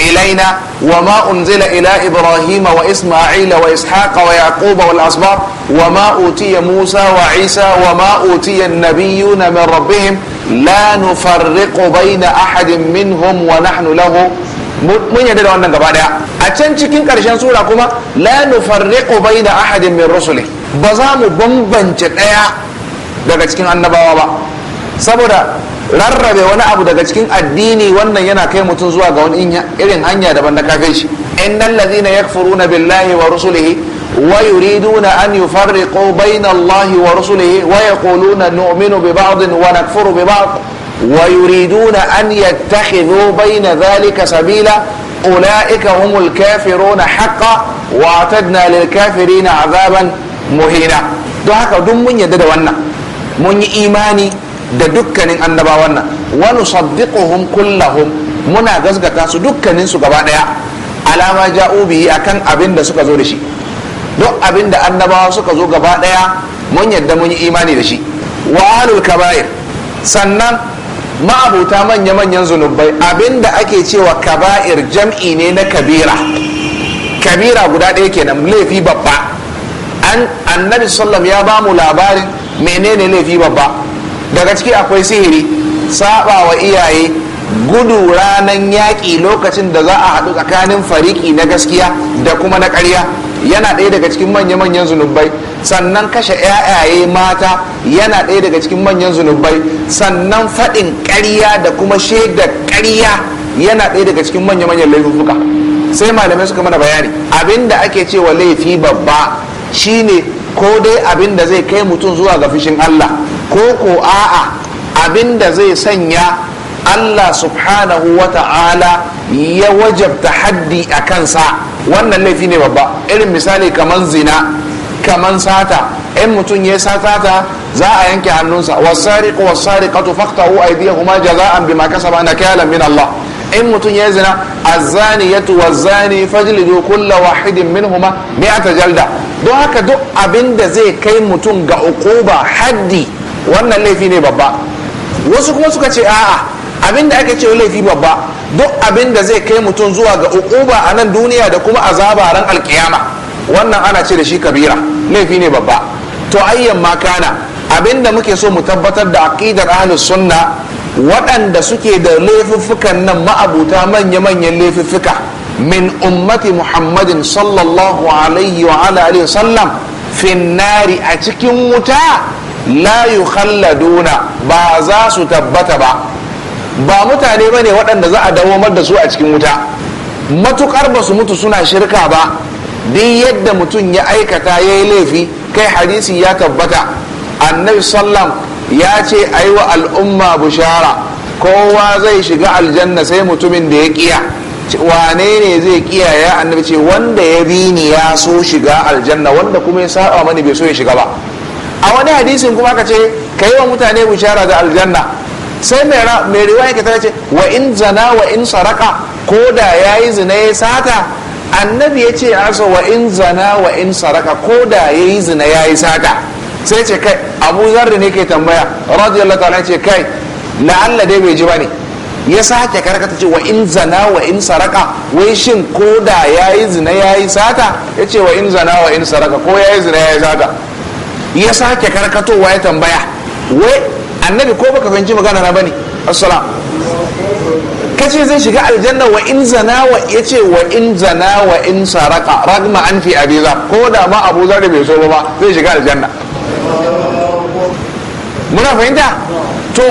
إلينا وما أنزل إلى إبراهيم وإسماعيل وإسحاق ويعقوب والأصباط وما أوتي موسى وعيسى وما أوتي النبيون من ربهم لا نفرق بين أحد منهم ونحن له gaba daya a can cikin karshen sura kuma la baina ahadin min rusuli ba mu bambance daya daga cikin annabawa ba saboda rarrabe wani abu daga cikin addini wannan yana kai mutum zuwa ga wani irin hanya daban da kakai shi innal ladhina yakfuruna billahi wa rusulihi wa yuriduna an ko bayna allahi wa rusulihi wa na nominu bi ba'adin wa furu bi ba'd wa yuriduna an yattakhidhu bayna zalika sabila ulaika humul na haqqan wa na lil kafirina azaban muhina don haka duk mun yadda da wannan mun yi imani da dukkanin annabawan nan wa kulla kullahum muna gasgata su dukkanin su gaba ɗaya. alama ja'ubi a kan abin da suka zo da shi duk abin da annabawa suka zo gaba ɗaya mun yadda mun yi imani da shi wa alul kaba'ir sannan ma'abuta manya-manyan zunubai da ake cewa kaba'ir jam'i ne na kabira kabira guda ɗaya kenan laifi babba annabi sallam ya ba mu labarin menene laifi babba daga ciki akwai sihiri saba wa iyaye gudu ranan yaƙi lokacin da za a haɗu tsakanin fariki na gaskiya da kuma na ƙarya yana ɗaya daga cikin manya-manyan zunubai sannan kashe 'ya'yaye mata yana ɗaya daga cikin manyan zunubai sannan faɗin ƙarya da kuma shaida ƙarya yana ɗaya daga cikin manya-manyan laifuka sai malamai suka mana bayani abin da ake cewa laifi babba shine ko dai abin da zai kai mutum zuwa ga fushin Allah ko ko a'a abinda zai sanya Allah subhanahu wa ta'ala ya wajabta haddi a kansa wannan laifi ne babba irin misali kamar zina kaman sata in mutum ya sata ta za a yanke hannunsa wasariqu wasariqatu faqta'u aydiyahuma jaza'an bima kasaba nakalan min Allah in mutum ya zina azzaniyatu wazzani fajlidu kulla wahidin minhuma mi'ata jalda don haka duk abin da zai kai mutum ga ukuba haddi wannan laifi ne babba wasu kuma suka ce a'a abinda ake ce laifi babba duk abinda zai kai mutum zuwa ga ukuba a nan duniya da kuma azaba ran alkiyama wannan ana ce da shi kabira laifi ne babba to ayyan makana abinda muke so mu tabbatar da aqidar ahlus sunna waɗanda suke da laifuffukan nan ma'abuta manya-manyan laifuffuka min ummati muhammadin sallallahu alaihi wa ala alihi sallam finnari a cikin wuta la yukhalladuna ba za su tabbata ba ba mutane bane waɗanda za a damar da su a cikin wuta matukar ba su mutu suna shirka ba duk yadda mutum ya aikata ya yi laifi kai hadisi ya tabbata annabi sallam ya ce ai wa al'umma bushara kowa zai shiga aljanna sai mutumin da ya kiya wane ne zai kiya ya annabi ce wanda ya bi ni ya so shiga aljanna wanda kuma ya saba mani bai so ya shiga ba a wani hadisin kuma aka ce ka yi wa mutane bishara da aljanna sai mai riwaya ka ta ce wa in zana wa in saraka ko da ya yi zina ya sata annabi ya ce asa wa in zana wa in saraka ko da ya yi zina ya yi sata sai ce kai abu zarri ne ke tambaya radiyallahu ta'ala ce kai la'alla dai bai ji ba ne ya sake karkata ce wa in zana wa in saraka wai shin ko da ya yi zina ya yi sata ya ce wa in zana wa in saraka ko ya yi zina ya yi sata ya sake karkatowa ya tambaya wai annabi ko baka fahimci magana na bane assalam kace zai shiga aljanna wa in zana wa yace wa in zana wa in saraka ragma an fi abiza ko da ma abu zar bai so ba zai shiga aljanna muna fahimta to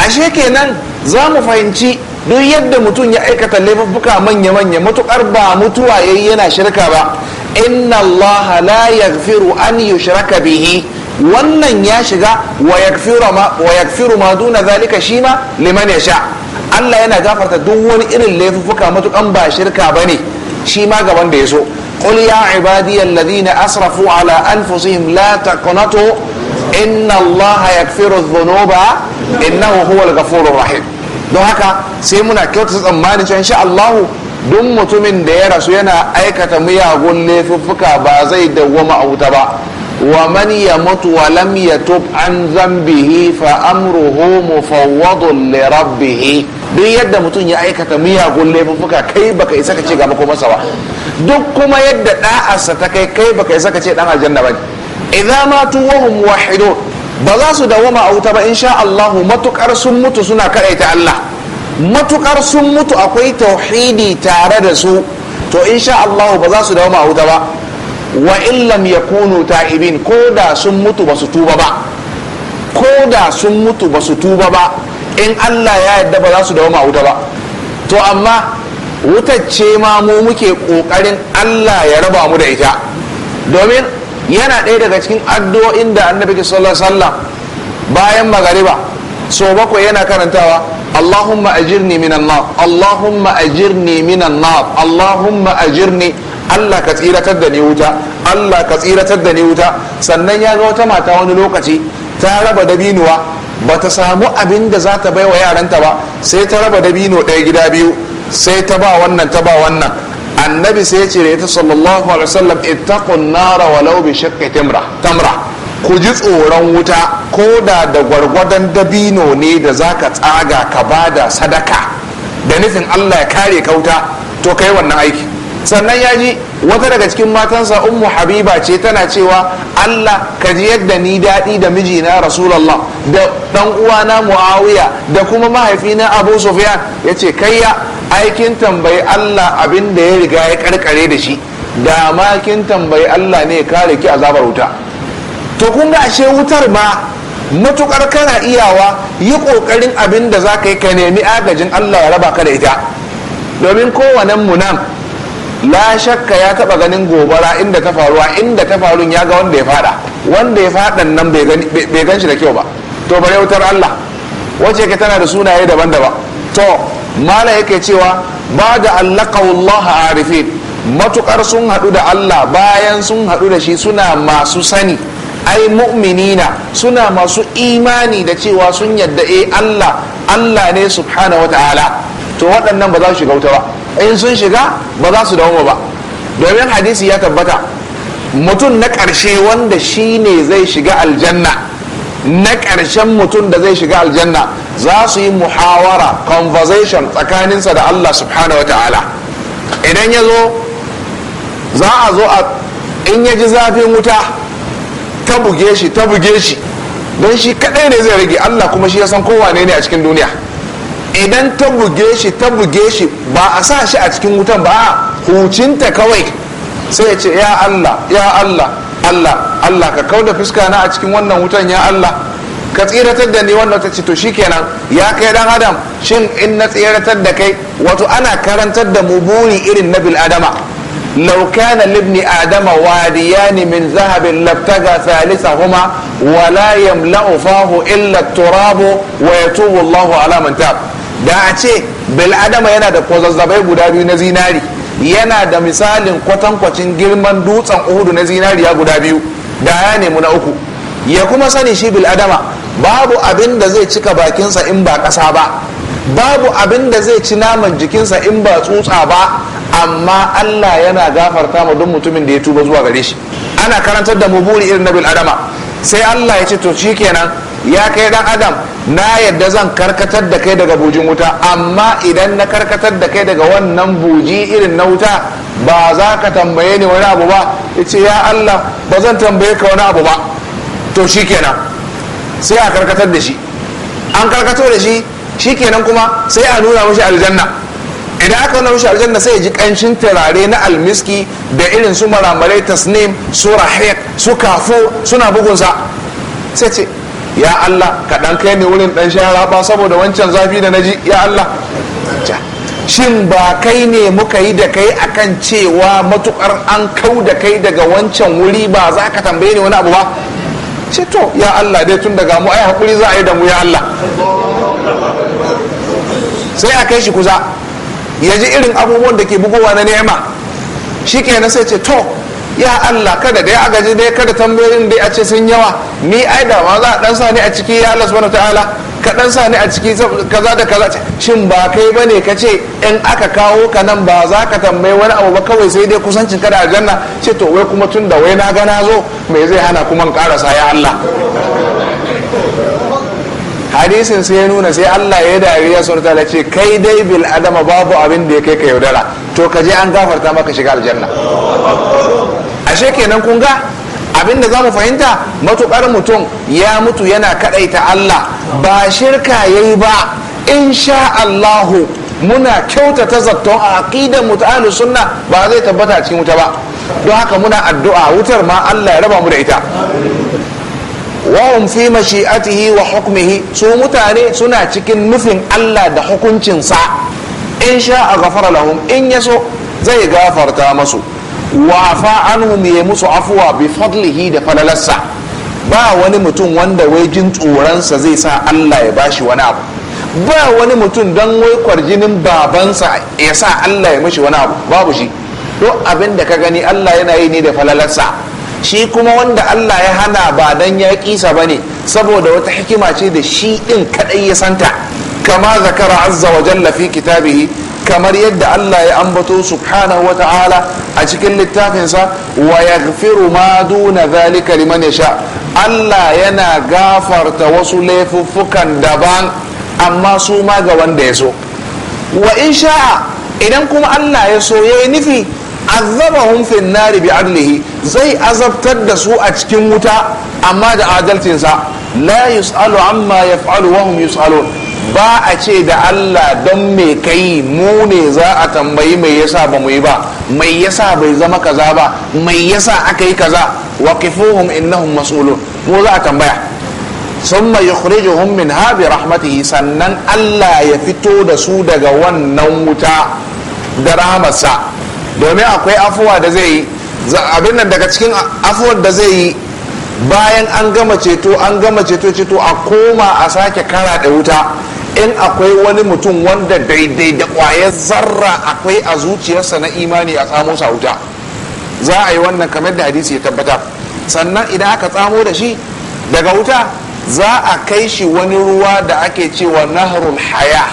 ashe kenan za mu fahimci duk yadda mutum ya aikata laifuka manya-manya matukar ba mutuwa yayi yana shirka ba inna Allah la yaghfiru an yushraka bihi wannan ya shiga wa yaghfiru ma wa yaghfiru ma duna zalika shima liman yasha Allah yana gafarta duk wani irin laifuka matukan ba shirka bane shi ma ga wanda ya so qul ya ibadi alladhina asrafu ala anfusihim la taqnatu inna Allah yaghfiru dhunuba innahu huwal ghafurur rahim don haka sai muna kyautata tsammanin cewa insha Allah duk mutumin da ya rasu yana aikata miyagun laifuffuka ba zai dawwama a wuta ba wa man ya mutu wa lam tub an zambihi fa amruhu mufawwadun li rabbih duk yadda mutum ya aikata miyagun laifuffuka kai baka isa ka ce gaba masa duk kuma yadda da'arsa ta kai kai baka isa ka ce dan aljanna ba idza matu wa hum wahidun ba za su dawwama a wuta ba insha Allah matukar sun mutu suna kadaita Allah matukar sun mutu akwai tauhidi tare da su to insha Allah ba za su dawo ma'auta ba wa illam yakunu ta'ibin ko da sun mutu ba su tuba ba ko da sun mutu ba su tuba ba in Allah ya yadda ba za su dawo ma'auta ba to amma wutar ce ma mu muke kokarin Allah ya raba mu da ita domin yana ɗaya daga cikin addu'o'in da annabi sallallahu alaihi wasallam bayan magariba so bakwai yana karantawa Allahumma ajirni minan nar Allahumma ajirni minan nar Allahumma ajirni Allah ka tsiratar da ni wuta Allah ka tsiratar da ni wuta sannan ya ga wata mata wani lokaci ta raba dabinuwa ba ta samu abin da za ta bai wa yaranta ba sai ta raba dabino ɗaya gida biyu sai ta ba wannan ta ba wannan annabi sai ya cire ta sallallahu alaihi wasallam ittaqun nara walau bi shaqqi tamra tamra ku ji tsoron wuta ko da da gwargwadon dabino ne da za ka tsaga ka ba da sadaka da nufin allah ya kare kauta to kai wannan aiki sannan ya ji wata daga cikin matansa ummu habiba ce tana cewa allah ka ji yadda ni daɗi da mijina rasulallah da ɗan uwana muawiya da kuma mahaifina abu sufiyan ya ce ya? aikin tambayi allah abin da ya riga ya karkare da shi da ma tambayi allah ne ya kare ki azabar wuta to kun ga ashe wutar ba matukar kana iyawa yi kokarin abin da za ka yi ka nemi agajin allah ya raba ka da ita domin kowane mu nan la shakka ya taba ganin gobara inda ta faruwa inda ta farun ya ga wanda ya fada wanda ya fadan nan bai gan shi da kyau ba to bare wutar allah wace ka tana da sunaye daban-daban to mala yake cewa ba da allaka a arifin matukar sun hadu da allah bayan sun hadu da shi suna masu sani ai mu'minina suna masu imani da cewa sun yadda e Allah Allah ne subhanahu ta'ala to waɗannan ba za su shiga wuta ba in sun shiga ba za su dawo ba domin hadisi ya tabbata mutum na ƙarshe wanda shi ne zai shiga aljanna na ƙarshen mutum da zai shiga aljanna za su yi muhawara conversation tsakaninsa da Allah subhanahu ta'ala idan ya zo za a zo a in ya ji zafin wuta ta buge shi ta buge shi don shi kadai ne zai rage Allah kuma shi ya san kowa ne ne a cikin duniya idan ta buge shi ta buge shi ba a sa shi a cikin wutan ba a hucinta kawai sai ya ce ya Allah ya Allah Allah Allah ka kau da fuska na a cikin wannan wutan ya Allah ka tsiratar da ni wannan ta ce to shikenan ya kai dan adam shin in na tsiratar da kai wato ana karantar da mu buri irin na bil adama لو كان لابن آدم واديان من ذهب لابتغى ثالثهما ولا يملأ فاه إلا التراب ويتوب الله على من تاب da a ce bil yana da kwazazzabai guda biyu na zinari yana da misalin kwatankwacin girman dutsen uhudu na zinariya guda biyu da ya nemi na uku ya kuma sani shi bil adama babu abin da zai cika bakinsa in ba kasa ba babu abin da zai ci naman jikinsa in ba tsutsa ba amma Allah yana gafarta ma duk mutumin da ya tuba zuwa gare shi ana karantar da mu buri irin nabil adama sai Allah ya ce to shikenan ya kai dan adam na yadda zan karkatar da kai daga bujin wuta amma idan na karkatar da kai daga wannan buji irin na wuta ba za ka tambaye ni wani abu ba ya ya Allah ba zan tambaye ka wani abu ba to shikenan sai a karkatar da shi an karkato da shi shikenan kuma sai a nuna mashi aljanna idan aka nuna shi aljanna sai ya ji kancin turare na almiski da irin su maramare tasnim su rahiq su kafo suna bugunsa sai ce ya Allah ka dan kai ne wurin dan shara ba saboda wancan zafi da naji ya Allah shin ba kai ne muka yi da kai akan cewa matukar an kau da kai daga wancan wuri ba za ka tambaye ni wani abu ba ce to ya Allah dai tun daga mu ai hakuri za a yi da mu ya Allah sai a kai shi kusa ya ji irin abubuwan da ke bugowa na nema shi na sai ce to ya Allah kada da ya agaji dai kada tambayoyin dai a ce sun yawa ni ai da ma za a dan sa ni a ciki ya Allah subhanahu ta'ala ka dan sa ni a ciki kaza da kaza shin ba kai bane ka ce in aka kawo ka nan ba za ka tambayi wani abu ba kawai sai dai kusancin ka da aljanna ce to wai kuma tun da wai na ga na zo me zai hana kuma in karasa ya Allah hadisin sai ya nuna sai Allah ya dariya sun tala ce kai dai bil adama babu abin da ya kai ka yaudara to ka je an gafarta maka shiga aljanna ashe kenan kun ga abin da zamu fahimta matukar mutum ya mutu yana kadaita Allah ba shirka yayi ba insha Allahu muna kyautata zaton a aqidar mu ta sunna ba zai tabbata a cikin wuta ba don haka muna addu'a wutar ma Allah ya raba mu da ita wahum fi mashi'atihi wa hukmihi su mutane suna cikin nufin Allah da hukuncinsa in sha a gafara lahum in ya so zai gafarta masu wa fa anhum ya musu afuwa bi fadlihi da falalarsa ba wani mutum wanda wai jin tsoronsa zai sa Allah ya bashi wani abu ba wani mutum don wai kwarjinin babansa ya sa Allah ya mishi wani abu babu shi duk abin da ka gani Allah yana yi ne da falalarsa shi kuma wanda Allah ya hana ba dan ya kisa ba ne saboda wata hikima ce da shi ɗin kaɗai ya santa kama zakara azza wa jalla fi kitabihi kamar yadda Allah ya ambato subhanahu wa ta'ala a cikin littafinsa wa yaghfiru ma duna zalika liman yasha Allah yana gafarta wasu laifuffukan daban amma su ma ga wanda ya so wa in sha'a idan kuma Allah ya so yayi nufi azabahum fin nari bi adlihi zai azabtar da su a cikin wuta amma da adalcinsa la yus'alu amma yaf'alu wa hum yus'alun ba a ce da Allah don me kai mu ne za a tambayi mai yasa ba mu yi ba mai yasa bai zama kaza ba mai yasa aka yi kaza waqifuhum innahum mas'ulun mu za a tambaya summa yukhrijuhum min ha bi rahmatihi sannan Allah ya fito da su daga wannan wuta da rahamarsa domin akwai afuwa da zai yi abin nan daga cikin afuwar da zai yi bayan an gama ceto an gama ceto ceto a koma a sake kara da wuta in akwai wani mutum wanda daidai da kwayar zarra akwai a zuciyarsa na imani a tsamo sa wuta za a yi wannan kamar da hadisi ya tabbata sannan idan aka tsamo da shi daga wuta za a kai shi wani ruwa da ake cewa nahrul haya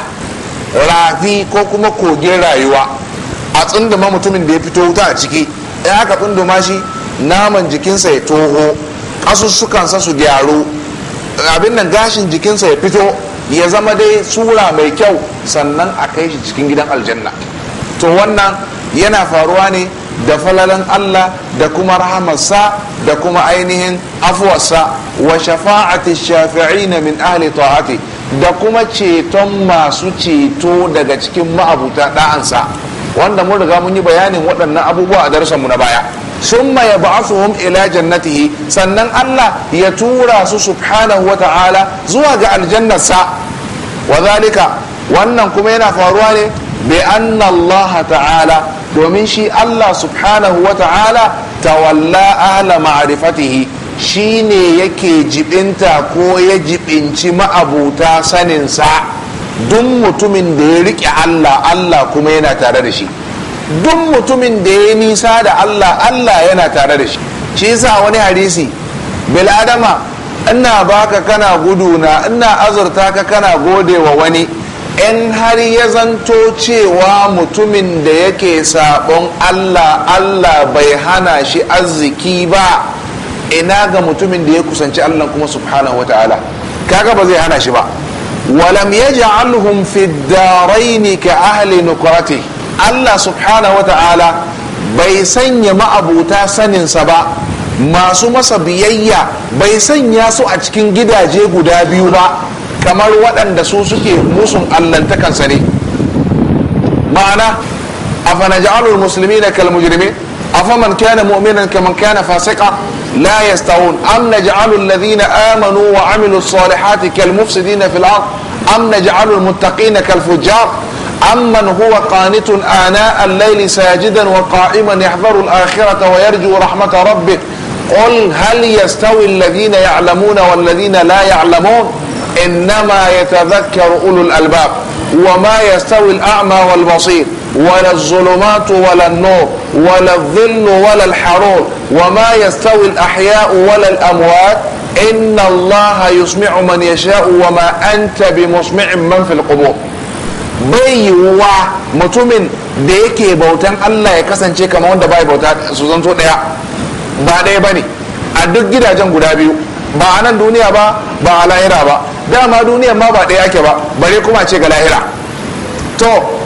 rafi ko kuma kogin rayuwa a tsunduma mutumin da ya fito wuta a ciki ya aka tsunduma shi naman jikinsa ya toho ƙasussukansa su gyaru abin nan gashin jikinsa ya fito ya zama dai sura mai kyau sannan a kai shi cikin gidan aljanna to wannan yana faruwa ne da falalan Allah da kuma rahamarsa da kuma ainihin afuwarsa wa shafa'ati shafi'ina min ahli ta'ati da kuma ceton masu ceto daga cikin ma'abuta da'ansa wanda mun riga mun yi bayanin waɗannan abubuwa a darsanmu na baya Sun ya ba'athuhum ila jannatihi sannan Allah ya tura su subhanahu wa ta'ala zuwa ga aljannarsa wa zalika wannan kuma yana faruwa ne bi anna Allah ta'ala domin shi Allah subhanahu wa ta'ala tawalla ahla ma'rifatihi shine yake jibinta ko ya jibinci ma'abuta saninsa Dun mutumin da ya riƙe Allah Allah kuma yana tare da shi duk mutumin da ya nisa da Allah Allah yana tare da shi shi yasa wani hadisi bil adama ina baka kana guduna ina azurta ka kana gode wa wani in har ya zanto cewa mutumin da yake sabon Allah Allah bai hana shi arziki ba ina ga mutumin da ya kusanci Allah kuma subhanahu wataala kaga ba zai hana shi ba ولم يجعلهم في الدارين كأهل نكرته الله سبحانه وتعالى بيسن ما أبو تاسن سبا ما سوما سبيايا بيسن ياسو أجكين جدا جيغو دابيو با كمال ودن دسوسكي موسم اللن تكن سري معنى أفنجعل المسلمين كالمجرمين أفمن كان مؤمنا كمن كان فاسقا لا يستوون أم نجعل الذين آمنوا وعملوا الصالحات كالمفسدين في الأرض أم نجعل المتقين كالفجار أم من هو قانت آناء الليل ساجدا وقائما يحذر الآخرة ويرجو رحمة ربه قل هل يستوي الذين يعلمون والذين لا يعلمون إنما يتذكر أولو الألباب وما يستوي الأعمى والبصير ولا الظلمات ولا النور ولا الظل ولا الحرور وما يستوي الأحياء ولا الأموات إن الله يسمع من يشاء وما أنت بمسمع من في القبور wa mutumin da yake bautan Allah ya kasance kama wanda bai bauta su zanto ɗaya ba ɗaya ba ne a duk gidajen guda biyu ba a nan duniya ba ba a lahira ba dama duniyan ma ba ɗaya ake ba bare kuma ce ga lahira to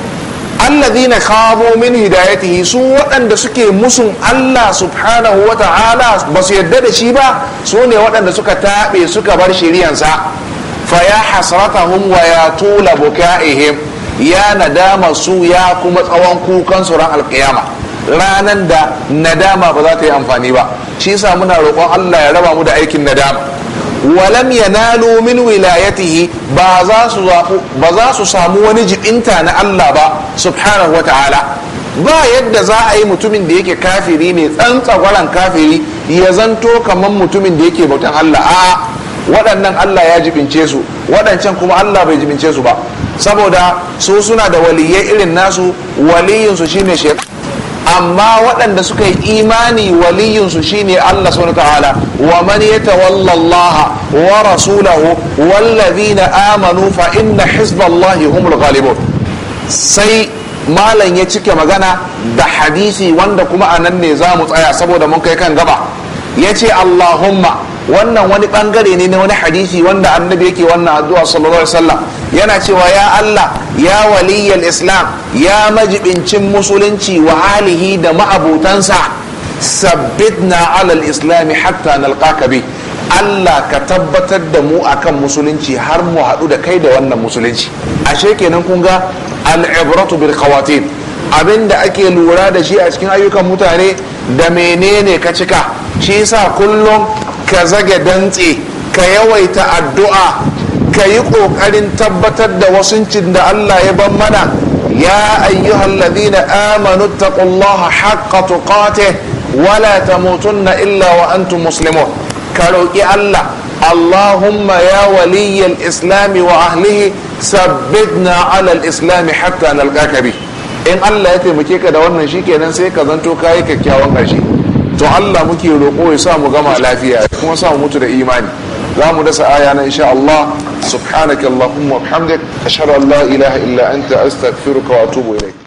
allazina khabu min hidayatihi su waɗanda suke musun Allah subhanahu wa ta'ala ba su yadda da shi ba su ne waɗanda suka taɓe suka bar shiriyansa fa ya hasratahum wa ya tula bukaihim ya nadama su ya kuma tsawon kukan su ran alƙiyama ranan da nadama ba za ta yi amfani ba shi yasa muna roƙon Allah ya raba mu da aikin nadama walam yanalu min wilayatihi ba za su ba za su samu wani jibinta na Allah ba subhanahu wata'ala ba yadda za a yi mutumin da yake kafiri ne tsantsagwaran kafiri ya zanto kamar mutumin da yake bautan Allah a waɗannan Allah ya jibince su waɗancan kuma Allah bai jibince su ba saboda su suna da waliyyai irin nasu waliyinsu shine shekaru amma waɗanda suka yi imani waliyinsu shine Allah subhanahu ta'ala wa man yatawalla Allah wa rasulahu amanu fa inna hizballahi humul ghalibun sai malam ya cike magana da hadisi wanda kuma a nan ne za mu tsaya saboda mun kai kan gaba ya ce Allahumma wannan wani bangare ne na wani hadisi wanda annabi yake wannan addu'a sallallahu alaihi wasallam yana cewa ya Allah ya waliyyar islam ya majibincin musulunci wa halihi da ma'abutansa na alal islami hatta na bi Allah ka tabbatar da mu akan musulunci har mu haɗu da kai da wannan musulunci ashe kenan kun ga al'ibratu bil qawatin abinda ake lura da shi a cikin ayyukan mutane da menene ka cika shi yasa kullum ka zage dantse ka yawaita addu'a ka yi ƙoƙarin tabbatar da wasuncin da Allah ya ban mana ya ayyuhal ladina amanu taqullaha haqqa tuqatih wala tamutunna illa wa antum muslimun ka roƙi Allah Allahumma ya waliyyal islami wa ahlihi sabbitna ala al-islami hatta nalqaka bi in Allah ya taimake ka da wannan shi shikenan sai ka zanto kayi kyakkyawan ƙarshe to Allah muke roƙo ya sa mu gama lafiya kuma sa mu mutu da imani زامو دس آية إن شاء الله سبحانك اللهم وبحمدك أشهد أن لا إله إلا أنت أستغفرك وأتوب إليك